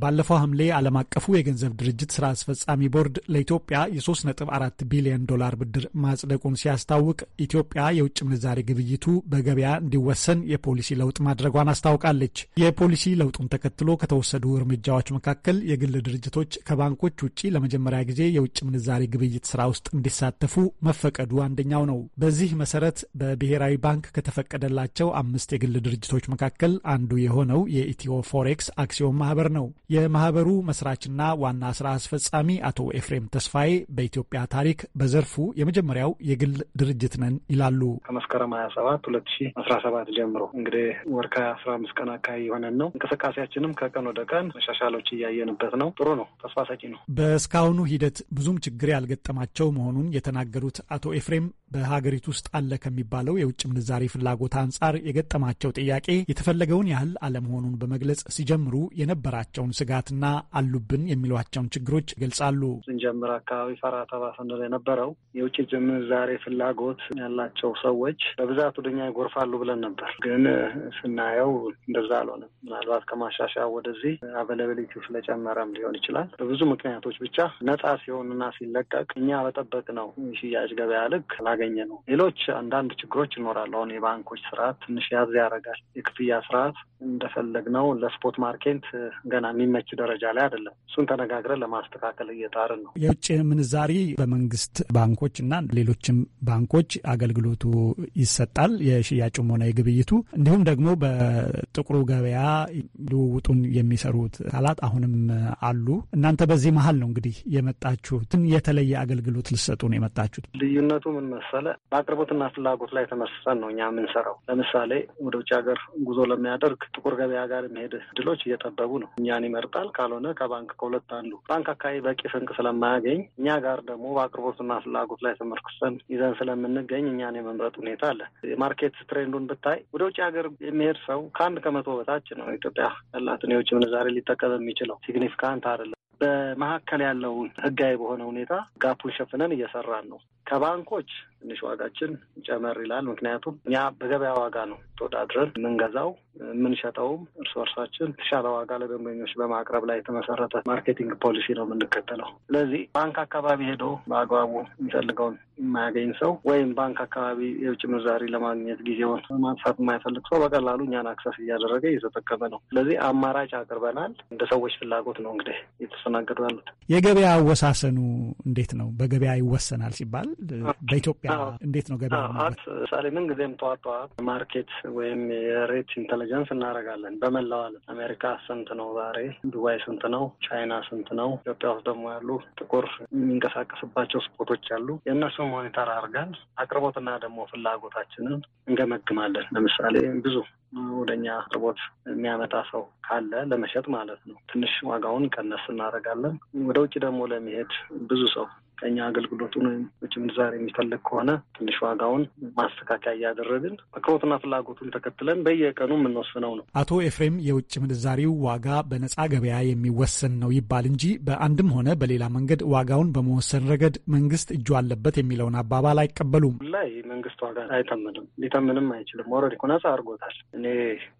Speaker 13: ባለፈው ሐምሌ ዓለም አቀፉ የገንዘብ ድርጅት ስራ አስፈጻሚ ቦርድ ለኢትዮጵያ የ3.4 ቢሊዮን ዶላር ብድር ማጽደቁን ሲያስታውቅ ኢትዮጵያ የውጭ ምንዛሬ ግብይቱ በገበያ እንዲወሰን የፖሊሲ ለውጥ ማድረጓን አስታውቃለች። የፖሊሲ ለውጡን ተከትሎ ከተወሰዱ እርምጃዎች መካከል የግል ድርጅቶች ከባንኮች ውጭ ለመጀመሪያ ጊዜ የውጭ ምንዛሬ ግብይት ስራ ውስጥ እንዲሳተፉ መፈቀዱ አንደኛው ነው። በዚህ መሰረት በብሔራዊ ባንክ ከተፈቀደላቸው አምስት የግል ድርጅቶች መካከል አንዱ የሆነው የኢትዮ ፎሬክስ አክሲዮን ማህበር ነው። የማህበሩ መስራችና ዋና ስራ አስፈጻሚ አቶ ኤፍሬም ተስፋዬ በኢትዮጵያ ታሪክ በዘርፉ የመጀመሪያው የግል ድርጅት ነን ይላሉ።
Speaker 3: ከመስከረም ሀያ ሰባት ሁለት ሺ አስራ ሰባት ጀምሮ እንግዲህ ወር ከአስራ አምስት ቀን አካባቢ የሆነን ነው። እንቅስቃሴያችንም ከቀን ወደ ቀን መሻሻሎች እያየንበት ነው። ጥሩ ነው። ተስፋ ሰጪ ነው።
Speaker 13: በእስካሁኑ ሂደት ብዙም ችግር ያልገጠማቸው መሆኑን የተናገሩት አቶ ኤፍሬም በሀገሪቱ ውስጥ አለ ከሚባለው የውጭ ምንዛሬ ፍላጎት አንጻር የገጠማቸው ጥያቄ የተፈለገውን ያህል አለመሆኑን በመግለጽ ሲጀምሩ የነበራቸውን ስጋትና አሉብን የሚሏቸውን ችግሮች ይገልጻሉ።
Speaker 3: ስንጀምር አካባቢ ፈራ ተባ የነበረው የውጭ ምንዛሬ ፍላጎት ያላቸው ሰዎች በብዛት ወደኛ ይጎርፋሉ ብለን ነበር። ግን ስናየው እንደዛ አልሆነም። ምናልባት ከማሻሻያ ወደዚህ አቬለብሊቲ ስለጨመረም ሊሆን ይችላል። በብዙ ምክንያቶች ብቻ ነጻ ሲሆንና ሲለቀቅ እኛ በጠበቅ ነው ሽያጭ ገበያ ልክ ላገኘ ነው። ሌሎች አንዳንድ ችግሮች ይኖራሉ። አሁን የባንኮች ስርዓት ትንሽ ያዝ ያደርጋል። የክፍያ ስርዓት እንደፈለግነው ለስፖርት ማርኬት ገና የሚመች ደረጃ ላይ አይደለም። እሱን ተነጋግረን ለማስተካከል እየጣርን ነው።
Speaker 13: የውጭ ምንዛሪ በመንግስት ባንኮች እና ሌሎችም ባንኮች አገልግሎቱ ይሰጣል፣ የሽያጩም ሆነ የግብይቱ። እንዲሁም ደግሞ በጥቁሩ ገበያ ልውውጡን የሚሰሩት አካላት አሁንም አሉ። እናንተ በዚህ መሀል ነው እንግዲህ የመጣችሁትን የተለየ አገልግሎት ልሰጡ ነው የመጣችሁት።
Speaker 3: ልዩነቱ ምን መሰለ? በአቅርቦትና ፍላጎት ላይ ተመስሰን ነው እኛ የምንሰራው። ለምሳሌ ወደ ውጭ ሀገር ጉዞ ለሚያደርግ ጥቁር ገበያ ጋር የሚሄድ እድሎች እየጠበቡ ነው። እኛን ይመርጣል። ካልሆነ ከባንክ ከሁለት አንዱ ባንክ አካባቢ በቂ ስንቅ ስለማያገኝ እኛ ጋር ደግሞ በአቅርቦትና ፍላጎት ላይ ተመርክሰን ይዘን ስለምንገኝ እኛን የመምረጥ ሁኔታ አለ። የማርኬት ትሬንዱን ብታይ ወደ ውጭ ሀገር የሚሄድ ሰው ከአንድ ከመቶ በታች ነው ኢትዮጵያ ያላትን የውጭ ምንዛሬ ሊጠቀም የሚችለው ሲግኒፊካንት አይደለም። በመካከል ያለውን ህጋዊ በሆነ ሁኔታ ጋፑን ሸፍነን እየሰራን ነው ከባንኮች ትንሽ ዋጋችን ጨመር ይላል። ምክንያቱም እኛ በገበያ ዋጋ ነው ተወዳድረን የምንገዛው የምንሸጠውም እርስ በርሳችን የተሻለ ዋጋ ለደንበኞች በማቅረብ ላይ የተመሰረተ ማርኬቲንግ ፖሊሲ ነው የምንከተለው። ስለዚህ ባንክ አካባቢ ሄዶ በአግባቡ የሚፈልገውን የማያገኝ ሰው ወይም ባንክ አካባቢ የውጭ ምንዛሪ ለማግኘት ጊዜውን ማጥፋት የማይፈልግ ሰው በቀላሉ እኛን አክሰስ እያደረገ እየተጠቀመ ነው። ስለዚህ አማራጭ አቅርበናል። እንደ ሰዎች ፍላጎት ነው እንግዲህ እየተስተናገዱ ያሉት። የገበያ
Speaker 13: አወሳሰኑ እንዴት ነው? በገበያ ይወሰናል ሲባል በኢትዮጵያ እንዴት ነው ገበያ?
Speaker 3: አት ምሳሌ ምን ጊዜም ጠዋት ጠዋት ማርኬት ወይም የሬት ኢንቴሊጀንስ እናደርጋለን በመላው ዓለም። አሜሪካ ስንት ነው ዛሬ፣ ዱባይ ስንት ነው፣ ቻይና ስንት ነው፣ ኢትዮጵያ ውስጥ ደግሞ ያሉ ጥቁር የሚንቀሳቀስባቸው ስፖቶች አሉ። የእነሱን ሞኒተር አድርገን አቅርቦትና ደግሞ ፍላጎታችንን እንገመግማለን። ለምሳሌ ብዙ ወደኛ አቅርቦት የሚያመጣ ሰው ካለ ለመሸጥ ማለት ነው፣ ትንሽ ዋጋውን ቀነስ እናደርጋለን። ወደ ውጭ ደግሞ ለመሄድ ብዙ ሰው ቀኛ አገልግሎቱን ውጭ ምንዛሬ የሚፈልግ ከሆነ ትንሽ ዋጋውን ማስተካከያ እያደረግን አቅርቦትና ፍላጎቱን ተከትለን በየቀኑ የምንወስነው ነው።
Speaker 13: አቶ ኤፍሬም የውጭ ምንዛሬው ዋጋ በነጻ ገበያ የሚወሰን ነው ይባል እንጂ በአንድም ሆነ በሌላ መንገድ ዋጋውን በመወሰን ረገድ መንግስት እጁ አለበት የሚለውን አባባል አይቀበሉም።
Speaker 3: ላይ መንግስት ዋጋ አይተምንም፣ ሊተምንም አይችልም። ወረድ ነጻ አድርጎታል። እኔ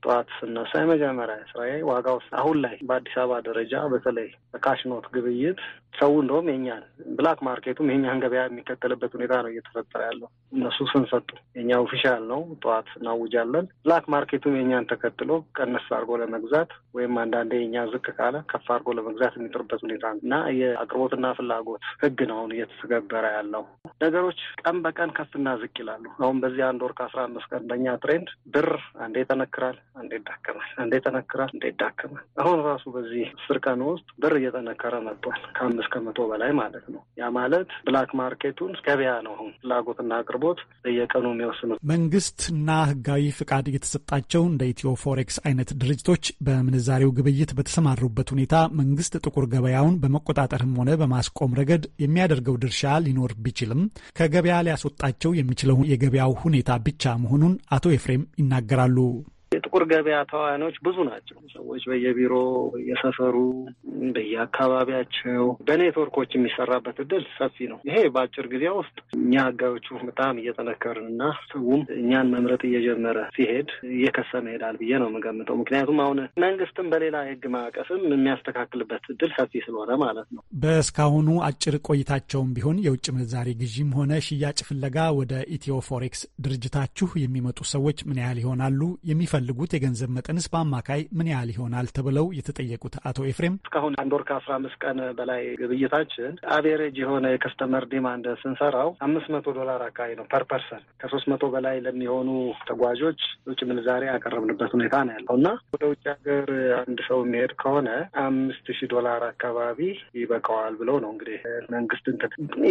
Speaker 3: ጠዋት ስነሳ የመጀመሪያ ስራ ዋጋው አሁን ላይ በአዲስ አበባ ደረጃ በተለይ በካሽኖት ግብይት ሰው እንደውም የኛል ብላክ ማርኬቱም የኛን ገበያ የሚከተልበት ሁኔታ ነው እየተፈጠረ ያለው። እነሱ ስንሰጡ የኛ ኦፊሻል ነው፣ ጠዋት እናውጃለን። ብላክ ማርኬቱም የኛን ተከትሎ ቀነስ አድርጎ ለመግዛት ወይም አንዳንዴ የኛ ዝቅ ካለ ከፍ አድርጎ ለመግዛት የሚጥርበት ሁኔታ ነው እና የአቅርቦትና ፍላጎት ህግ ነው አሁን እየተተገበረ ያለው። ነገሮች ቀን በቀን ከፍና ዝቅ ይላሉ። አሁን በዚህ አንድ ወር ከአስራ አምስት ቀን በእኛ ትሬንድ ብር አንዴ ተነክራል፣ አንዴ ይዳከማል፣ አንዴ ተነክራል፣ አንዴ ይዳከማል። አሁን ራሱ በዚህ አስር ቀን ውስጥ ብር እየጠነከረ መጥቷል ከአምስት ከመቶ በላይ ማለት ነው። ያ ማለት ብላክ ማርኬቱን ገበያ ነው። አሁን ፍላጎትና አቅርቦት በየቀኑ የሚወስኑት
Speaker 13: መንግስትና ህጋዊ ፍቃድ የተሰጣቸው እንደ ኢትዮ ፎሬክስ አይነት ድርጅቶች በምንዛሬው ግብይት በተሰማሩበት ሁኔታ መንግስት ጥቁር ገበያውን በመቆጣጠርም ሆነ በማስቆም ረገድ የሚያደርገው ድርሻ ሊኖር ቢችልም ከገበያ ሊያስወጣቸው የሚችለው የገበያው ሁኔታ ብቻ መሆኑን አቶ ኤፍሬም ይናገራሉ።
Speaker 3: ጥቁር ገበያ ተዋናዮች ብዙ ናቸው። ሰዎች በየቢሮ በየሰፈሩ፣ በየአካባቢያቸው በኔትወርኮች የሚሰራበት እድል ሰፊ ነው። ይሄ በአጭር ጊዜ ውስጥ እኛ ህጋዮቹ በጣም እየጠነከርን እና ሰውም እኛን መምረጥ እየጀመረ ሲሄድ እየከሰመ ይሄዳል ብዬ ነው የምገምጠው። ምክንያቱም አሁን መንግስትም በሌላ የህግ ማዕቀፍም የሚያስተካክልበት እድል ሰፊ ስለሆነ ማለት ነው።
Speaker 13: በእስካሁኑ አጭር ቆይታቸውም ቢሆን የውጭ ምንዛሬ ግዥም ሆነ ሽያጭ ፍለጋ ወደ ኢትዮ ፎሬክስ ድርጅታችሁ የሚመጡ ሰዎች ምን ያህል ይሆናሉ? የሚፈልጉ የሚፈልጉት የገንዘብ መጠንስ በአማካይ ምን ያህል ይሆናል ተብለው የተጠየቁት አቶ ኤፍሬም
Speaker 3: እስካሁን አንድ ወር ከአስራ አምስት ቀን በላይ ግብይታችን አቬሬጅ የሆነ የከስተመር ዲማንድ ስንሰራው አምስት መቶ ዶላር አካባቢ ነው ፐር ፐርሰን ከሶስት መቶ በላይ ለሚሆኑ ተጓዦች ውጭ ምንዛሬ ያቀረብንበት ሁኔታ ነው ያለው እና ወደ ውጭ ሀገር አንድ ሰው የሚሄድ ከሆነ አምስት ሺህ ዶላር አካባቢ ይበቃዋል ብለው ነው እንግዲህ መንግስት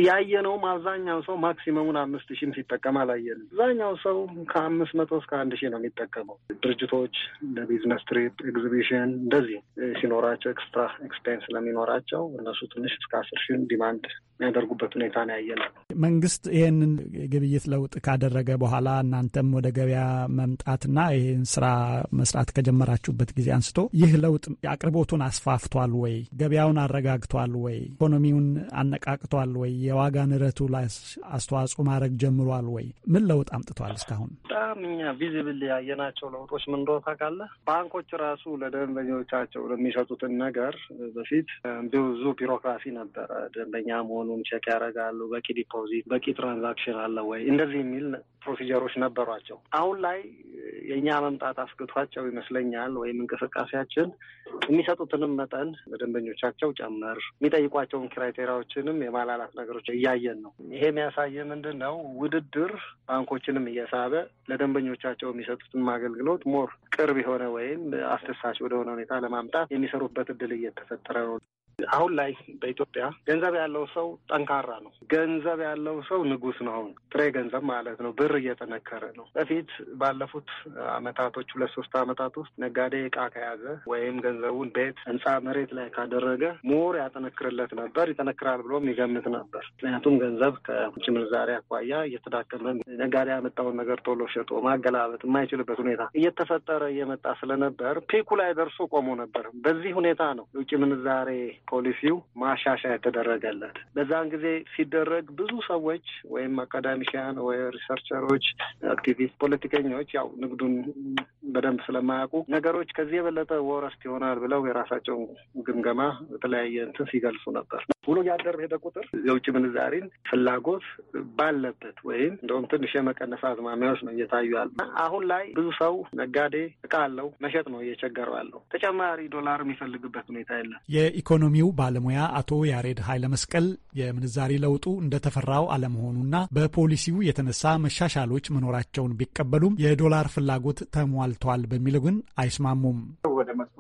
Speaker 3: ያየነውም አብዛኛው ሰው ማክሲመሙን አምስት ሺህም ሲጠቀም አላየንም። አብዛኛው ሰው ከአምስት መቶ እስከ አንድ ሺህ ነው የሚጠቀመው ድርጅ ዝግጅቶች እንደ ቢዝነስ ትሪፕ፣ ኤግዚቢሽን እንደዚህ ሲኖራቸው ኤክስትራ ኤክስፔንስ ስለሚኖራቸው እነሱ ትንሽ እስከ አስር ሺን ዲማንድ የሚያደርጉበት ሁኔታ ነው ያየ ነው።
Speaker 13: መንግስት ይህንን ግብይት ለውጥ ካደረገ በኋላ እናንተም ወደ ገበያ መምጣትና ይህን ስራ መስራት ከጀመራችሁበት ጊዜ አንስቶ ይህ ለውጥ አቅርቦቱን አስፋፍቷል ወይ? ገበያውን አረጋግቷል ወይ? ኢኮኖሚውን አነቃቅቷል ወይ? የዋጋ ንረቱ ላይ አስተዋጽኦ ማድረግ ጀምሯል ወይ? ምን ለውጥ አምጥቷል? እስካሁን
Speaker 3: በጣም እኛ ቪዚብል ያየናቸው ለውጦች ምን እንደሆነ ታውቃለህ? ባንኮች ራሱ ለደንበኞቻቸው ለሚሰጡትን ነገር በፊት ብዙ ቢሮክራሲ ነበረ። ደንበኛ መሆኑን ቼክ ያደርጋሉ። በቂ ዲፖዚት፣ በቂ ትራንዛክሽን አለ ወይ እንደዚህ የሚል ፕሮሲጀሮች ነበሯቸው። አሁን ላይ የእኛ መምጣት አስግቷቸው ይመስለኛል። ወይም እንቅስቃሴያችን የሚሰጡትንም መጠን ለደንበኞቻቸው ጨምር የሚጠይቋቸውን ክራይቴሪያዎችንም የማላላት ነገሮች እያየን ነው። ይሄ የሚያሳይ ምንድን ነው? ውድድር ባንኮችንም እየሳበ ለደንበኞቻቸው የሚሰጡትን አገልግሎት ሞር ቅርብ የሆነ ወይም አስደሳች ወደሆነ ሁኔታ ለማምጣት የሚሰሩበት እድል እየተፈጠረ ነው። አሁን ላይ በኢትዮጵያ ገንዘብ ያለው ሰው ጠንካራ ነው። ገንዘብ ያለው ሰው ንጉስ ነው። አሁን ጥሬ ገንዘብ ማለት ነው። ብር እየጠነከረ ነው። በፊት ባለፉት አመታቶች ሁለት ሶስት አመታት ውስጥ ነጋዴ እቃ ከያዘ ወይም ገንዘቡን ቤት፣ ህንፃ፣ መሬት ላይ ካደረገ ሞር ያጠነክርለት ነበር ይጠነክራል ብሎም ይገምት ነበር። ምክንያቱም ገንዘብ ከውጭ ምንዛሬ አኳያ እየተዳከመ ነጋዴ ያመጣውን ነገር ቶሎ ሸጦ ማገላበጥ የማይችልበት ሁኔታ እየተፈጠረ እየመጣ ስለነበር ፒኩ ላይ ደርሶ ቆሞ ነበር። በዚህ ሁኔታ ነው የውጭ ምንዛሬ ፖሊሲው ማሻሻያ የተደረገለት። በዛን ጊዜ ሲደረግ ብዙ ሰዎች ወይም አካዳሚሽያን ወይ ሪሰርቸሮች፣ አክቲቪስት፣ ፖለቲከኞች ያው ንግዱን በደንብ ስለማያውቁ ነገሮች ከዚህ የበለጠ ወረስት ይሆናል ብለው የራሳቸውን ግምገማ በተለያየ እንትን ሲገልጹ ነበር። ውሎ ያደር ሄደ ቁጥር የውጭ ምንዛሪን ፍላጎት ባለበት ወይም እንደውም ትንሽ የመቀነስ አዝማሚያዎች ነው እየታዩ ያሉ። አሁን ላይ ብዙ ሰው ነጋዴ እቃ አለው መሸጥ ነው እየቸገረው ያለው። ተጨማሪ ዶላር የሚፈልግበት ሁኔታ የለም።
Speaker 13: የኢኮኖሚ ኢኮኖሚው ባለሙያ አቶ ያሬድ መስቀል የምንዛሪ ለውጡ እንደተፈራው አለመሆኑና በፖሊሲው የተነሳ መሻሻሎች መኖራቸውን ቢቀበሉም የዶላር ፍላጎት ተሟልቷል በሚል ግን አይስማሙም።
Speaker 9: ወደ መቶ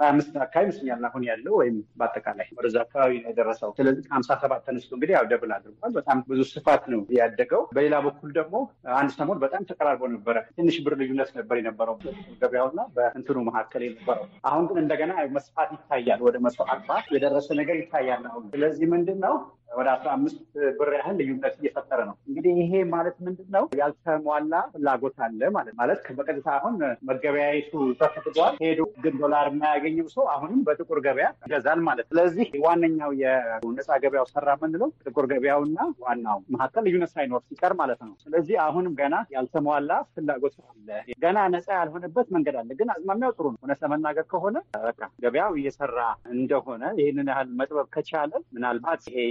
Speaker 9: ሀያ አምስት አካባቢ ይመስለኛል አሁን ያለው ወይም በአጠቃላይ ወደዛ አካባቢ ነው የደረሰው። ስለዚህ ከሀምሳ ሰባት ተነስቶ እንግዲህ ያው ደብል አድርጓል። በጣም ብዙ ስፋት ነው ያደገው። በሌላ በኩል ደግሞ አንድ ሰሞን በጣም ተቀራርቦ ነበረ። ትንሽ ብር ልዩነት ነበር የነበረው ገበያውና በእንትኑ መካከል የነበረው። አሁን ግን እንደገና መስፋት ይታያል ወደ መቶ አርባ የደረሰ ነገር ይታያል አሁን። ስለዚህ ምንድን ነው ወደ አስራ አምስት ብር ያህል ልዩነት እየፈጠረ ነው። እንግዲህ ይሄ ማለት ምንድን ነው? ያልተሟላ ፍላጎት አለ ማለት ማለት በቀጥታ አሁን መገበያየቱ ተፈቅዷል። ሄዱ ግን ዶላር የማያገኘው ሰው አሁንም በጥቁር ገበያ ይገዛል ማለት ስለዚህ ዋነኛው የነፃ ገበያው ሰራ የምንለው ጥቁር ገበያውና ዋናው መካከል ልዩነት ሳይኖር ሲቀር ማለት ነው። ስለዚህ አሁንም ገና ያልተሟላ ፍላጎት አለ። ገና ነፃ ያልሆነበት መንገድ አለ። ግን አዝማሚያው ጥሩ ነው። እውነት ለመናገር ከሆነ በቃ ገበያው እየሰራ እንደሆነ ይህንን ያህል መጥበብ ከቻለ ምናልባት ይሄ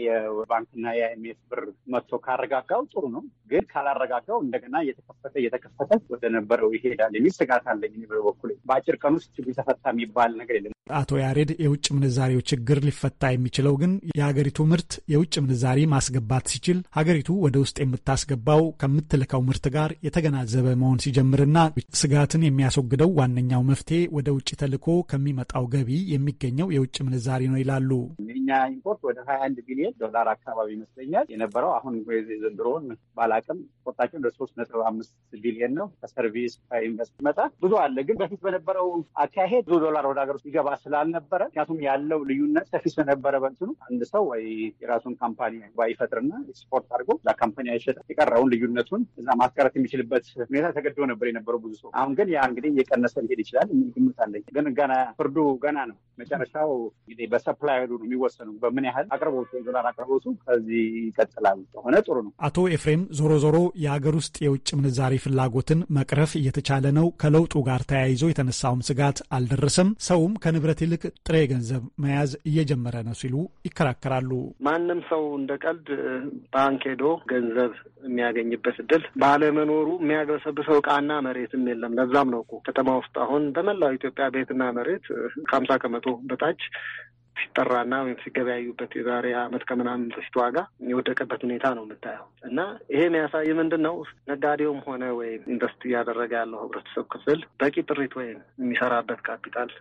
Speaker 9: ባንክና የአይምኤፍ ብር መጥቶ ካረጋጋው ጥሩ ነው። ግን ካላረጋጋው እንደገና እየተከፈተ እየተከፈተ ወደ ነበረው ይሄዳል የሚል ስጋት አለኝ በበኩል። በአጭር ቀን ውስጥ ችግር ተፈታ የሚባል ነገር የለም።
Speaker 13: አቶ ያሬድ የውጭ ምንዛሬው ችግር ሊፈታ የሚችለው ግን የሀገሪቱ ምርት የውጭ ምንዛሪ ማስገባት ሲችል ሀገሪቱ ወደ ውስጥ የምታስገባው ከምትልከው ምርት ጋር የተገናዘበ መሆን ሲጀምርና ስጋትን የሚያስወግደው ዋነኛው መፍትሄ ወደ ውጭ ተልኮ ከሚመጣው ገቢ የሚገኘው የውጭ ምንዛሪ ነው ይላሉ።
Speaker 9: የኛ ኢምፖርት ወደ ሀያ አንድ ቢሊዮን ዶላር ዶላር አካባቢ ይመስለኛል የነበረው። አሁን ዘንድሮን ባላቅም ቆጣቸው ወደ ሶስት ነጥብ አምስት ቢሊየን ነው። ከሰርቪስ ከኢንቨስት መጣ ብዙ አለ። ግን በፊት በነበረው አካሄድ ብዙ ዶላር ወደ ሀገር ውስጥ ይገባ ስላልነበረ ምክንያቱም ያለው ልዩነት ሰፊ ስለነበረ በንትኑ አንድ ሰው ወይ የራሱን ካምፓኒ ባይፈጥርና ኤክስፖርት አድርጎ ካምፓኒ አይሸጥ የቀረውን ልዩነቱን እዛ ማስቀረት የሚችልበት ሁኔታ ተገድቦ ነበር የነበረው ብዙ ሰው። አሁን ግን ያ እንግዲህ እየቀነሰ ሊሄድ ይችላል የሚል ግምት አለኝ። ግን ገና ፍርዱ ገና ነው። መጨረሻው እንግዲህ በሰፕላይ ነው የሚወሰኑ በምን ያህል አቅርቦት ዶላር ፍላጎቱ ከዚህ ይቀጥላል ከሆነ ጥሩ ነው።
Speaker 13: አቶ ኤፍሬም ዞሮ ዞሮ የሀገር ውስጥ የውጭ ምንዛሬ ፍላጎትን መቅረፍ እየተቻለ ነው። ከለውጡ ጋር ተያይዞ የተነሳውም ስጋት አልደረሰም። ሰውም ከንብረት ይልቅ ጥሬ ገንዘብ መያዝ እየጀመረ ነው ሲሉ ይከራከራሉ።
Speaker 3: ማንም ሰው እንደ ቀልድ ባንክ ሄዶ ገንዘብ የሚያገኝበት እድል ባለመኖሩ የሚያገሰብሰው እቃና መሬትም የለም። ለዛም ነው እኮ ከተማ ውስጥ አሁን በመላው ኢትዮጵያ ቤትና መሬት ከሀምሳ ከመቶ በታች ሲጠራና ወይም ሲገበያዩበት የዛሬ አመት ከምናምን በፊት ዋጋ የወደቀበት ሁኔታ ነው የምታየው። እና ይሄ የሚያሳይ ምንድን ነው ነጋዴውም ሆነ ወይም ኢንቨስት እያደረገ ያለው ህብረተሰብ ክፍል በቂ ጥሪት ወይም የሚሰራበት ካፒታል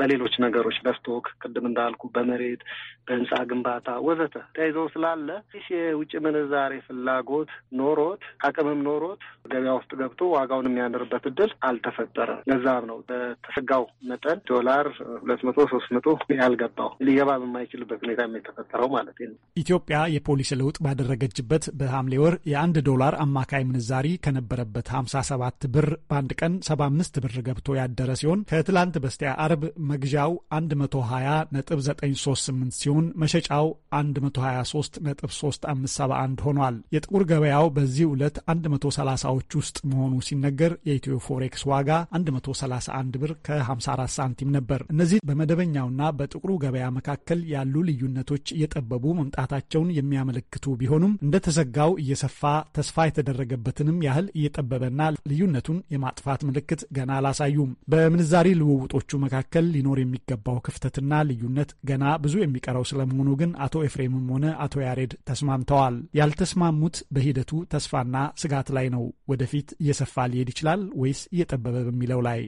Speaker 3: በሌሎች ነገሮች በስቶክ ቅድም እንዳልኩ በመሬት በህንፃ ግንባታ ወዘተ ተያይዘው ስላለ የውጭ ምንዛሬ ፍላጎት ኖሮት አቅምም ኖሮት ገበያ ውስጥ ገብቶ ዋጋውን የሚያንርበት እድል አልተፈጠረም። ለዛም ነው በተሰጋው መጠን ዶላር ሁለት መቶ ሶስት መቶ ያልገባው ሊገባ በማይችልበት ሁኔታ የተፈጠረው ማለት ነው።
Speaker 13: ኢትዮጵያ የፖሊሲ ለውጥ ባደረገችበት በሐምሌ ወር የአንድ ዶላር አማካይ ምንዛሪ ከነበረበት ሀምሳ ሰባት ብር በአንድ ቀን ሰባ አምስት ብር ገብቶ ያደረ ሲሆን ከትላንት በስቲያ አርብ መግዣው 120.938 ሲሆን መሸጫው 123.3571 ሆኗል። የጥቁር ገበያው በዚህ ዕለት 130ዎች ውስጥ መሆኑ ሲነገር የኢትዮ ፎሬክስ ዋጋ 131 ብር ከ54 ሳንቲም ነበር። እነዚህ በመደበኛውና በጥቁሩ ገበያ መካከል ያሉ ልዩነቶች እየጠበቡ መምጣታቸውን የሚያመለክቱ ቢሆኑም እንደተዘጋው እየሰፋ ተስፋ የተደረገበትንም ያህል እየጠበበና ልዩነቱን የማጥፋት ምልክት ገና አላሳዩም። በምንዛሪ ልውውጦቹ መካከል መካከል ሊኖር የሚገባው ክፍተትና ልዩነት ገና ብዙ የሚቀረው ስለመሆኑ ግን አቶ ኤፍሬምም ሆነ አቶ ያሬድ ተስማምተዋል። ያልተስማሙት በሂደቱ ተስፋና ስጋት ላይ ነው። ወደፊት እየሰፋ ሊሄድ ይችላል ወይስ እየጠበበ በሚለው ላይ።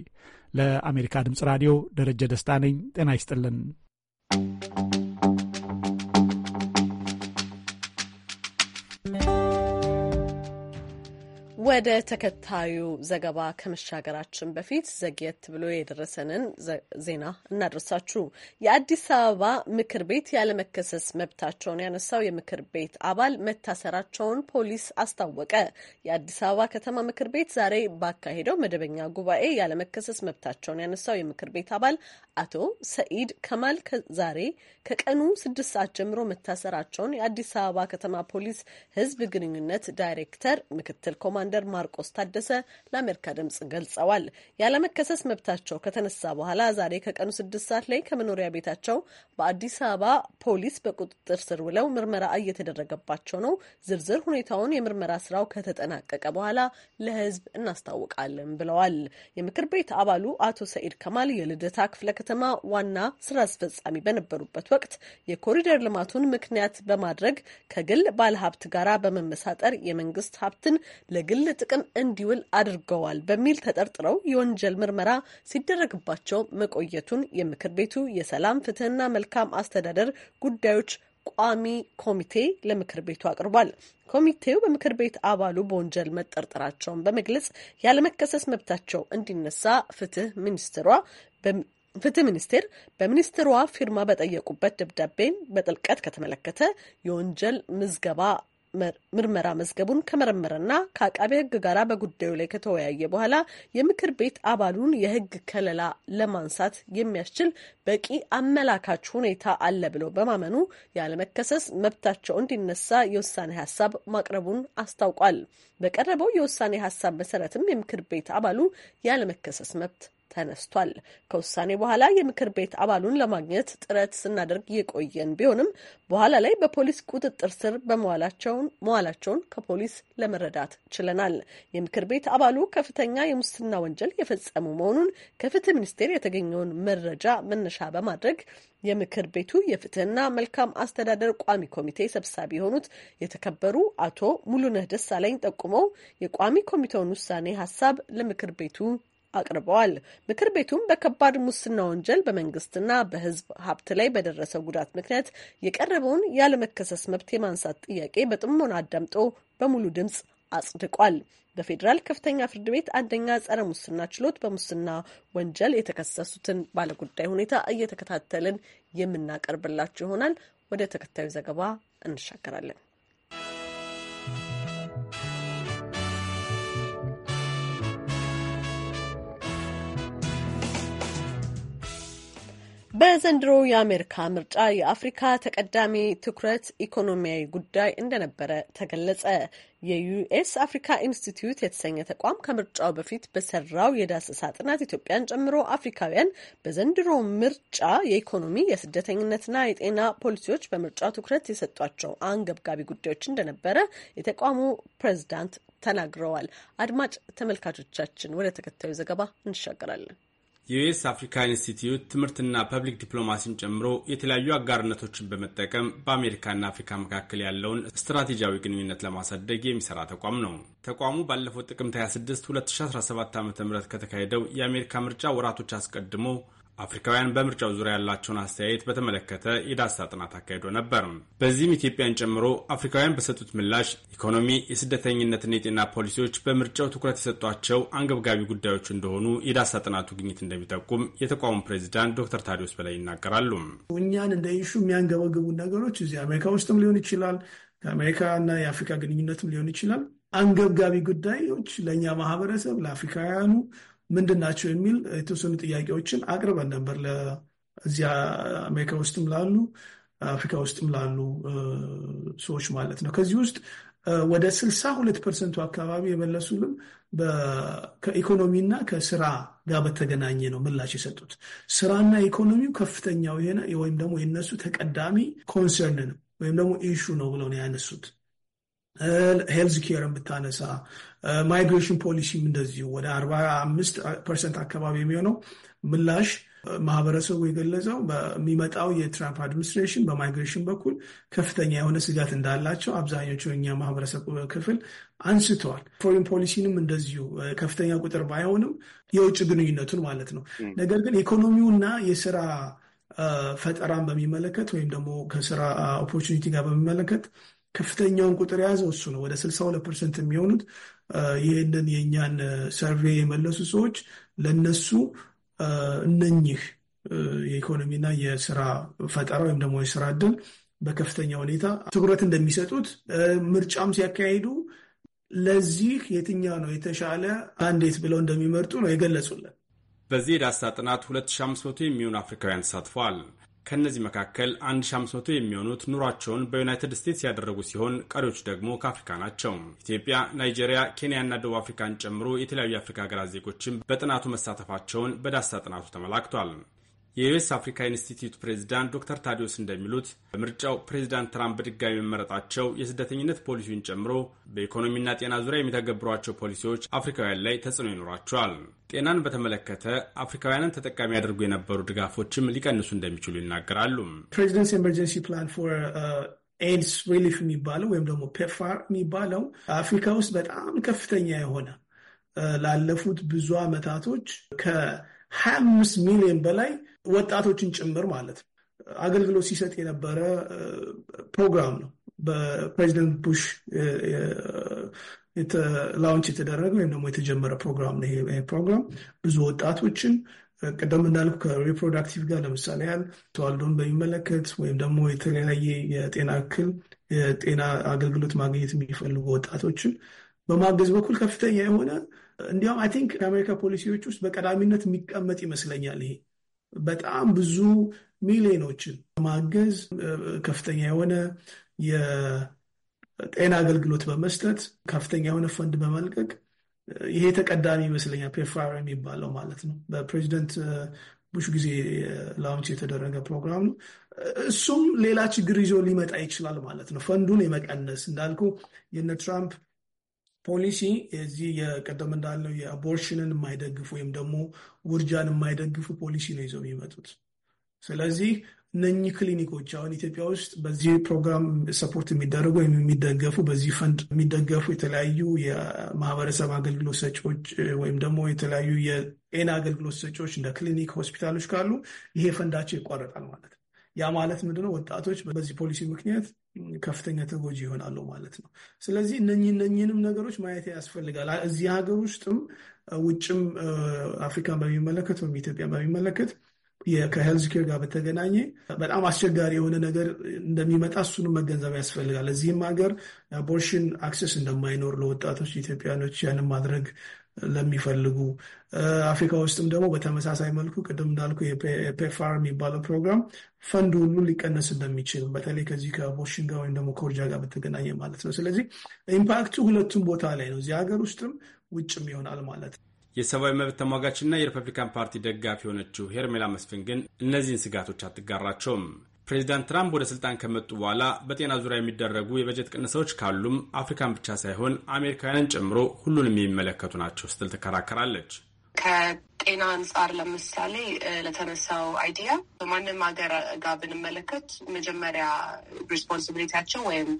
Speaker 13: ለአሜሪካ ድምጽ ራዲዮ ደረጀ ደስታ ነኝ። ጤና ይስጥልን።
Speaker 1: ወደ ተከታዩ ዘገባ ከመሻገራችን በፊት ዘግየት ብሎ የደረሰንን ዜና እናደርሳችሁ። የአዲስ አበባ ምክር ቤት ያለመከሰስ መብታቸውን ያነሳው የምክር ቤት አባል መታሰራቸውን ፖሊስ አስታወቀ። የአዲስ አበባ ከተማ ምክር ቤት ዛሬ ባካሄደው መደበኛ ጉባኤ ያለመከሰስ መብታቸውን ያነሳው የምክር ቤት አባል አቶ ሰኢድ ከማል ዛሬ ከቀኑ ስድስት ሰዓት ጀምሮ መታሰራቸውን የአዲስ አበባ ከተማ ፖሊስ ሕዝብ ግንኙነት ዳይሬክተር ምክትል ኮማንደር አምባሳደር ማርቆስ ታደሰ ለአሜሪካ ድምጽ ገልጸዋል። ያለመከሰስ መብታቸው ከተነሳ በኋላ ዛሬ ከቀኑ ስድስት ሰዓት ላይ ከመኖሪያ ቤታቸው በአዲስ አበባ ፖሊስ በቁጥጥር ስር ውለው ምርመራ እየተደረገባቸው ነው። ዝርዝር ሁኔታውን የምርመራ ስራው ከተጠናቀቀ በኋላ ለህዝብ እናስታውቃለን ብለዋል። የምክር ቤት አባሉ አቶ ሰኢድ ከማል የልደታ ክፍለ ከተማ ዋና ስራ አስፈጻሚ በነበሩበት ወቅት የኮሪደር ልማቱን ምክንያት በማድረግ ከግል ባለሀብት ጋር በመመሳጠር የመንግስት ሀብትን ለግል ለግል ጥቅም እንዲውል አድርገዋል በሚል ተጠርጥረው የወንጀል ምርመራ ሲደረግባቸው መቆየቱን የምክር ቤቱ የሰላም ፍትህና መልካም አስተዳደር ጉዳዮች ቋሚ ኮሚቴ ለምክር ቤቱ አቅርቧል። ኮሚቴው በምክር ቤት አባሉ በወንጀል መጠርጠራቸውን በመግለጽ ያለመከሰስ መብታቸው እንዲነሳ ፍትህ ሚኒስትሯ ፍትህ ሚኒስቴር በሚኒስትሯ ፊርማ በጠየቁበት ደብዳቤን በጥልቀት ከተመለከተ የወንጀል ምዝገባ ምርመራ መዝገቡን ከመረመረና ከአቃቤ ሕግ ጋር በጉዳዩ ላይ ከተወያየ በኋላ የምክር ቤት አባሉን የሕግ ከለላ ለማንሳት የሚያስችል በቂ አመላካች ሁኔታ አለ ብለው በማመኑ ያለመከሰስ መብታቸው እንዲነሳ የውሳኔ ሀሳብ ማቅረቡን አስታውቋል። በቀረበው የውሳኔ ሀሳብ መሰረትም የምክር ቤት አባሉ ያለመከሰስ መብት ተነስቷል። ከውሳኔ በኋላ የምክር ቤት አባሉን ለማግኘት ጥረት ስናደርግ የቆየን ቢሆንም በኋላ ላይ በፖሊስ ቁጥጥር ስር በመዋላቸውን መዋላቸውን ከፖሊስ ለመረዳት ችለናል። የምክር ቤት አባሉ ከፍተኛ የሙስና ወንጀል የፈጸሙ መሆኑን ከፍትህ ሚኒስቴር የተገኘውን መረጃ መነሻ በማድረግ የምክር ቤቱ የፍትህና መልካም አስተዳደር ቋሚ ኮሚቴ ሰብሳቢ የሆኑት የተከበሩ አቶ ሙሉነህ ደሳለኝ ጠቁመው የቋሚ ኮሚቴውን ውሳኔ ሀሳብ ለምክር ቤቱ አቅርበዋል። ምክር ቤቱም በከባድ ሙስና ወንጀል በመንግስትና በህዝብ ሀብት ላይ በደረሰው ጉዳት ምክንያት የቀረበውን ያለመከሰስ መብት የማንሳት ጥያቄ በጥሞና አዳምጦ በሙሉ ድምፅ አጽድቋል። በፌዴራል ከፍተኛ ፍርድ ቤት አንደኛ ጸረ ሙስና ችሎት በሙስና ወንጀል የተከሰሱትን ባለጉዳይ ሁኔታ እየተከታተልን የምናቀርብላችሁ ይሆናል። ወደ ተከታዩ ዘገባ እንሻገራለን። በዘንድሮ የአሜሪካ ምርጫ የአፍሪካ ተቀዳሚ ትኩረት ኢኮኖሚያዊ ጉዳይ እንደነበረ ተገለጸ። የዩኤስ አፍሪካ ኢንስቲትዩት የተሰኘ ተቋም ከምርጫው በፊት በሰራው የዳሰሳ ጥናት ኢትዮጵያን ጨምሮ አፍሪካውያን በዘንድሮ ምርጫ የኢኮኖሚ፣ የስደተኝነትና የጤና ፖሊሲዎች በምርጫው ትኩረት የሰጧቸው አንገብጋቢ ጉዳዮች እንደነበረ የተቋሙ ፕሬዝዳንት ተናግረዋል። አድማጭ ተመልካቾቻችን ወደ ተከታዩ ዘገባ እንሻገራለን።
Speaker 8: የዩኤስ አፍሪካ ኢንስቲትዩት ትምህርትና ፐብሊክ ዲፕሎማሲን ጨምሮ የተለያዩ አጋርነቶችን በመጠቀም በአሜሪካና አፍሪካ መካከል ያለውን ስትራቴጂያዊ ግንኙነት ለማሳደግ የሚሰራ ተቋም ነው። ተቋሙ ባለፈው ጥቅምት 26 2017 ዓ ም ከተካሄደው የአሜሪካ ምርጫ ወራቶች አስቀድሞ አፍሪካውያን በምርጫው ዙሪያ ያላቸውን አስተያየት በተመለከተ የዳሳ ጥናት አካሂዶ ነበር። በዚህም ኢትዮጵያን ጨምሮ አፍሪካውያን በሰጡት ምላሽ ኢኮኖሚ፣ የስደተኝነትና የጤና ፖሊሲዎች በምርጫው ትኩረት የሰጧቸው አንገብጋቢ ጉዳዮች እንደሆኑ የዳሳ ጥናቱ ግኝት እንደሚጠቁም የተቋሙ ፕሬዚዳንት ዶክተር ታዲዮስ በላይ ይናገራሉ።
Speaker 11: እኛን እንደ ኢሹ የሚያንገበግቡ ነገሮች እዚህ አሜሪካ ውስጥም ሊሆን ይችላል፣ ከአሜሪካ እና የአፍሪካ ግንኙነትም ሊሆን ይችላል። አንገብጋቢ ጉዳዮች ለእኛ ማህበረሰብ ለአፍሪካውያኑ ምንድን ናቸው የሚል የተወሰኑ ጥያቄዎችን አቅርበን ነበር ለእዚያ አሜሪካ ውስጥም ላሉ አፍሪካ ውስጥም ላሉ ሰዎች ማለት ነው። ከዚህ ውስጥ ወደ ስልሳ ሁለት ፐርሰንቱ አካባቢ የመለሱልም ከኢኮኖሚና ከስራ ጋር በተገናኘ ነው ምላሽ የሰጡት። ስራና ኢኮኖሚው ከፍተኛው የሆነ ወይም ደግሞ የነሱ ተቀዳሚ ኮንሰርን ነው ወይም ደግሞ ኢሹ ነው ብለው ነው ያነሱት። ሄልዝ ኬርን ብታነሳ ማይግሬሽን ፖሊሲም እንደዚሁ ወደ አርባ አምስት ፐርሰንት አካባቢ የሚሆነው ምላሽ ማህበረሰቡ የገለጸው በሚመጣው የትራምፕ አድሚኒስትሬሽን በማይግሬሽን በኩል ከፍተኛ የሆነ ስጋት እንዳላቸው አብዛኞቹ የኛ ማህበረሰብ ክፍል አንስተዋል። ፎሪን ፖሊሲንም እንደዚሁ ከፍተኛ ቁጥር ባይሆንም የውጭ ግንኙነቱን ማለት ነው። ነገር ግን ኢኮኖሚውና የስራ ፈጠራን በሚመለከት ወይም ደግሞ ከስራ ኦፖርቹኒቲ ጋር በሚመለከት ከፍተኛውን ቁጥር የያዘው እሱ ነው። ወደ 62 ፐርሰንት የሚሆኑት ይህንን የእኛን ሰርቬይ የመለሱ ሰዎች ለነሱ እነኚህ የኢኮኖሚና የስራ ፈጠራ ወይም ደግሞ የስራ እድል በከፍተኛ ሁኔታ ትኩረት እንደሚሰጡት ምርጫም ሲያካሂዱ ለዚህ የትኛው ነው የተሻለ አንዴት ብለው እንደሚመርጡ ነው የገለጹልን።
Speaker 8: በዚህ የዳሳ ጥናት 2500 የሚሆኑ አፍሪካውያን ተሳትፈዋል። ከእነዚህ መካከል 1500 የሚሆኑት ኑሯቸውን በዩናይትድ ስቴትስ ያደረጉ ሲሆን ቀሪዎቹ ደግሞ ከአፍሪካ ናቸው። ኢትዮጵያ፣ ናይጄሪያ፣ ኬንያና ደቡብ አፍሪካን ጨምሮ የተለያዩ የአፍሪካ ሀገራት ዜጎችም በጥናቱ መሳተፋቸውን በዳሳ ጥናቱ ተመላክቷል። የዩኤስ አፍሪካ ኢንስቲትዩት ፕሬዚዳንት ዶክተር ታዲዮስ እንደሚሉት በምርጫው ፕሬዚዳንት ትራምፕ በድጋሚ መመረጣቸው የስደተኝነት ፖሊሲውን ጨምሮ በኢኮኖሚና ጤና ዙሪያ የሚተገብሯቸው ፖሊሲዎች አፍሪካውያን ላይ ተጽዕኖ ይኖራቸዋል። ጤናን በተመለከተ አፍሪካውያንን ተጠቃሚ ያደርጉ የነበሩ ድጋፎችም ሊቀንሱ እንደሚችሉ ይናገራሉ።
Speaker 11: ፕሬዚደንት ኤመርጀንሲ ፕላን ፎር ኤድስ ሪሊፍ የሚባለው ወይም ደግሞ ፔፋር የሚባለው አፍሪካ ውስጥ በጣም ከፍተኛ የሆነ uh, ላለፉት ብዙ ዓመታቶች ከ ሀያ አምስት ሚሊዮን በላይ ወጣቶችን ጭምር ማለት ነው አገልግሎት ሲሰጥ የነበረ ፕሮግራም ነው። በፕሬዚደንት ቡሽ ላውንች የተደረገ ወይም ደግሞ የተጀመረ ፕሮግራም ነው። ይሄ ፕሮግራም ብዙ ወጣቶችን ቅደም እንዳልኩ ከሪፕሮዳክቲቭ ጋር ለምሳሌ ያህል ተዋልዶን በሚመለከት ወይም ደግሞ የተለያየ የጤና እክል የጤና አገልግሎት ማግኘት የሚፈልጉ ወጣቶችን በማገዝ በኩል ከፍተኛ የሆነ እንዲያውም አይ ቲንክ ከአሜሪካ ፖሊሲዎች ውስጥ በቀዳሚነት የሚቀመጥ ይመስለኛል። ይሄ በጣም ብዙ ሚሊዮኖችን ማገዝ ከፍተኛ የሆነ የጤና አገልግሎት በመስጠት ከፍተኛ የሆነ ፈንድ በመልቀቅ ይሄ ተቀዳሚ ይመስለኛል። ፔፋር የሚባለው ማለት ነው። በፕሬዚደንት ቡሽ ጊዜ ላውንች የተደረገ ፕሮግራም ነው። እሱም ሌላ ችግር ይዞ ሊመጣ ይችላል ማለት ነው። ፈንዱን የመቀነስ እንዳልኩ የነ ትራምፕ ፖሊሲ የዚህ የቀደም እንዳለው የአቦርሽንን የማይደግፍ ወይም ደግሞ ውርጃን የማይደግፉ ፖሊሲ ነው ይዘው የሚመጡት። ስለዚህ እነኚህ ክሊኒኮች አሁን ኢትዮጵያ ውስጥ በዚህ ፕሮግራም ሰፖርት የሚደረጉ ወይም የሚደገፉ በዚህ ፈንድ የሚደገፉ የተለያዩ የማህበረሰብ አገልግሎት ሰጪዎች ወይም ደግሞ የተለያዩ የጤና አገልግሎት ሰጪዎች እንደ ክሊኒክ፣ ሆስፒታሎች ካሉ ይሄ ፈንዳቸው ይቋረጣል ማለት ነው። ያ ማለት ምንድነው? ወጣቶች በዚህ ፖሊሲ ምክንያት ከፍተኛ ተጎጂ ይሆናሉ ማለት ነው። ስለዚህ እነኚህ እነኚህንም ነገሮች ማየት ያስፈልጋል። እዚህ ሀገር ውስጥም ውጭም አፍሪካን በሚመለከት ወይም ኢትዮጵያን በሚመለከት ከሄልዝ ኬር ጋር በተገናኘ በጣም አስቸጋሪ የሆነ ነገር እንደሚመጣ እሱንም መገንዘብ ያስፈልጋል። እዚህም ሀገር አቦርሽን አክሰስ እንደማይኖር ለወጣቶች ኢትዮጵያኖች ያንን ማድረግ ለሚፈልጉ አፍሪካ ውስጥም ደግሞ በተመሳሳይ መልኩ ቅድም እንዳልኩ የፔፋር የሚባለው ፕሮግራም ፈንድ ሁሉ ሊቀነስ እንደሚችል በተለይ ከዚህ ከቦሽንጋ ወይም ደግሞ ከውርጃ ጋር በተገናኘ ማለት ነው። ስለዚህ ኢምፓክቱ ሁለቱም ቦታ ላይ ነው፣ እዚህ ሀገር ውስጥም ውጭም ይሆናል ማለት ነው።
Speaker 8: የሰብአዊ መብት ተሟጋችና የሪፐብሊካን ፓርቲ ደጋፊ የሆነችው ሄርሜላ መስፍን ግን እነዚህን ስጋቶች አትጋራቸውም። ፕሬዚዳንት ትራምፕ ወደ ስልጣን ከመጡ በኋላ በጤና ዙሪያ የሚደረጉ የበጀት ቅንሳዎች ካሉም አፍሪካን ብቻ ሳይሆን አሜሪካውያንን ጨምሮ ሁሉንም የሚመለከቱ ናቸው ስትል ትከራከራለች።
Speaker 6: ከጤና አንጻር ለምሳሌ ለተነሳው አይዲያ በማንም ሀገር ጋር ብንመለከት መጀመሪያ ሪስፖንሲቢሊቲያቸው ወይም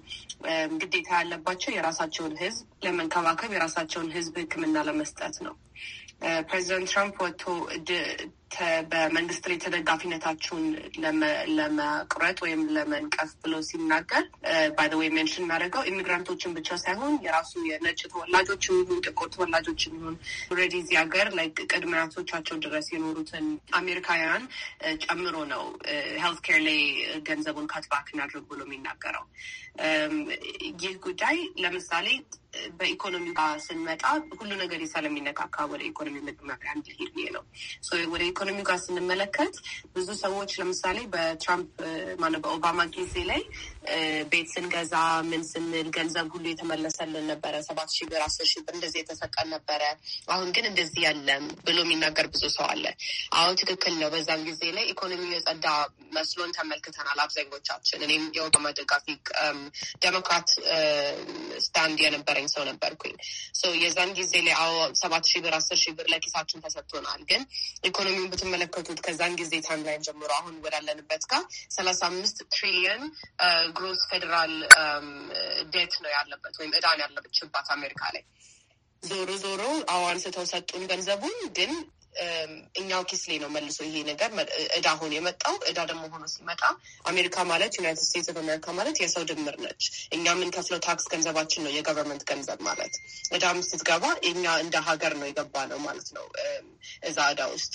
Speaker 6: ግዴታ ያለባቸው የራሳቸውን ሕዝብ ለመንከባከብ የራሳቸውን ሕዝብ ሕክምና ለመስጠት ነው። ፕሬዚደንት ትራምፕ ወጥቶ በመንግስት ላይ ተደጋፊነታችሁን ለመቁረጥ ወይም ለመንቀፍ ብሎ ሲናገር ባይደወይ ሜንሽን የሚያደርገው ኢሚግራንቶችን ብቻ ሳይሆን የራሱ የነጭ ተወላጆች ይሁን ጥቁር ተወላጆች ይሁን ኦልሬዲ እዚህ ሀገር ላይክ ቅድመ አያቶቻቸው ድረስ የኖሩትን አሜሪካውያን ጨምሮ ነው ሄልት ኬር ላይ ገንዘቡን ካትባክ እናድርግ ብሎ የሚናገረው። ይህ ጉዳይ ለምሳሌ በኢኮኖሚ ጋር ስንመጣ ሁሉ ነገር የሳ ለሚነካካ ወደ ኢኮኖሚ መጀመሪያ እንዲሄድ ይሄ ነው። ወደ ኢኮኖሚ ጋር ስንመለከት ብዙ ሰዎች ለምሳሌ በትራምፕ ማነው በኦባማ ጊዜ ላይ ቤት ስንገዛ ምን ስንል ገንዘብ ሁሉ የተመለሰልን ነበረ። ሰባት ሺ ብር፣ አስር ሺ ብር እንደዚህ የተሰጠን ነበረ። አሁን ግን እንደዚህ ያለም ብሎ የሚናገር ብዙ ሰው አለ። አሁን ትክክል ነው። በዛም ጊዜ ላይ ኢኮኖሚው የጸዳ መስሎን ተመልክተናል አብዛኞቻችን። እኔም የኦባማ ደጋፊ ዴሞክራት ስታንድ የነበረኝ ሰው ነበርኩኝ። የዛን ጊዜ ላይ አዎ ሰባት ሺ ብር፣ አስር ሺ ብር ለኪሳችን ተሰጥቶናል። ግን ኢኮኖሚውን ብትመለከቱት ከዛን ጊዜ ታይምላይን ጀምሮ አሁን ወዳለንበት ጋር ሰላሳ አምስት ትሪሊየን ግሮስ ፌዴራል ዴት ነው ያለበት ወይም እዳን ያለበችባት አሜሪካ ላይ ዞሮ ዞሮ አዋን ሰጡን ገንዘቡን ግን እኛው ኪስ ላይ ነው መልሶ ይሄ ነገር እዳ ሆኖ የመጣው። እዳ ደግሞ ሆኖ ሲመጣ አሜሪካ ማለት ዩናይትድ ስቴትስ ኦፍ አሜሪካ ማለት የሰው ድምር ነች። እኛ የምንከፍለው ታክስ ገንዘባችን ነው፣ የገቨርንመንት ገንዘብ ማለት እዳም ስትገባ እኛ እንደ ሀገር ነው የገባ ነው ማለት ነው እዛ እዳ ውስጥ።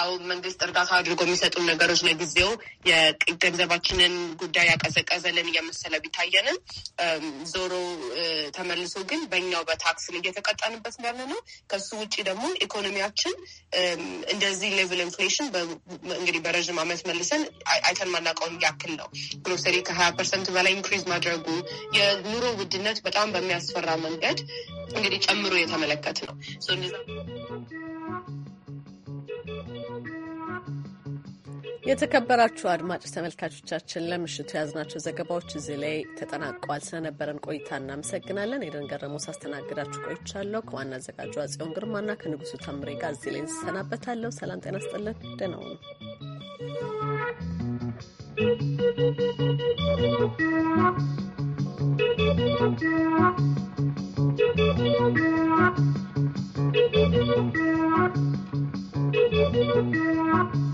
Speaker 6: አሁን መንግስት እርዳታ አድርጎ የሚሰጡን ነገሮች ለጊዜው የገንዘባችንን ጉዳይ ያቀዘቀዘልን እየመሰለ ቢታየንም ዞሮ ተመልሶ ግን በእኛው በታክስ ላይ እየተቀጣንበት ያለ ነው። ከሱ ውጭ ደግሞ ኢኮኖሚያችን እንደዚህ ሌቭል ኢንፍሌሽን እንግዲህ በረዥም ዓመት መልሰን አይተን ማናውቀውን ያክል ነው። ግሮሰሪ ከሀያ ፐርሰንት በላይ ኢንክሪዝ ማድረጉ የኑሮ ውድነት በጣም በሚያስፈራ መንገድ እንግዲህ ጨምሮ
Speaker 5: የተመለከት ነው።
Speaker 1: የተከበራችሁ አድማጭ ተመልካቾቻችን ለምሽቱ የያዝናቸው ዘገባዎች እዚህ ላይ ተጠናቀዋል። ስለነበረን ቆይታ እናመሰግናለን። ኤደን ገረመው ሳስተናግዳችሁ ቆይቻለሁ። ከዋና አዘጋጇ ጽዮን ግርማና ከንጉሱ ተምሬ ጋር እዚህ ላይ እንሰናበታለሁ። ሰላም ጤና ስጥልን።
Speaker 12: ደህና ሁኑ።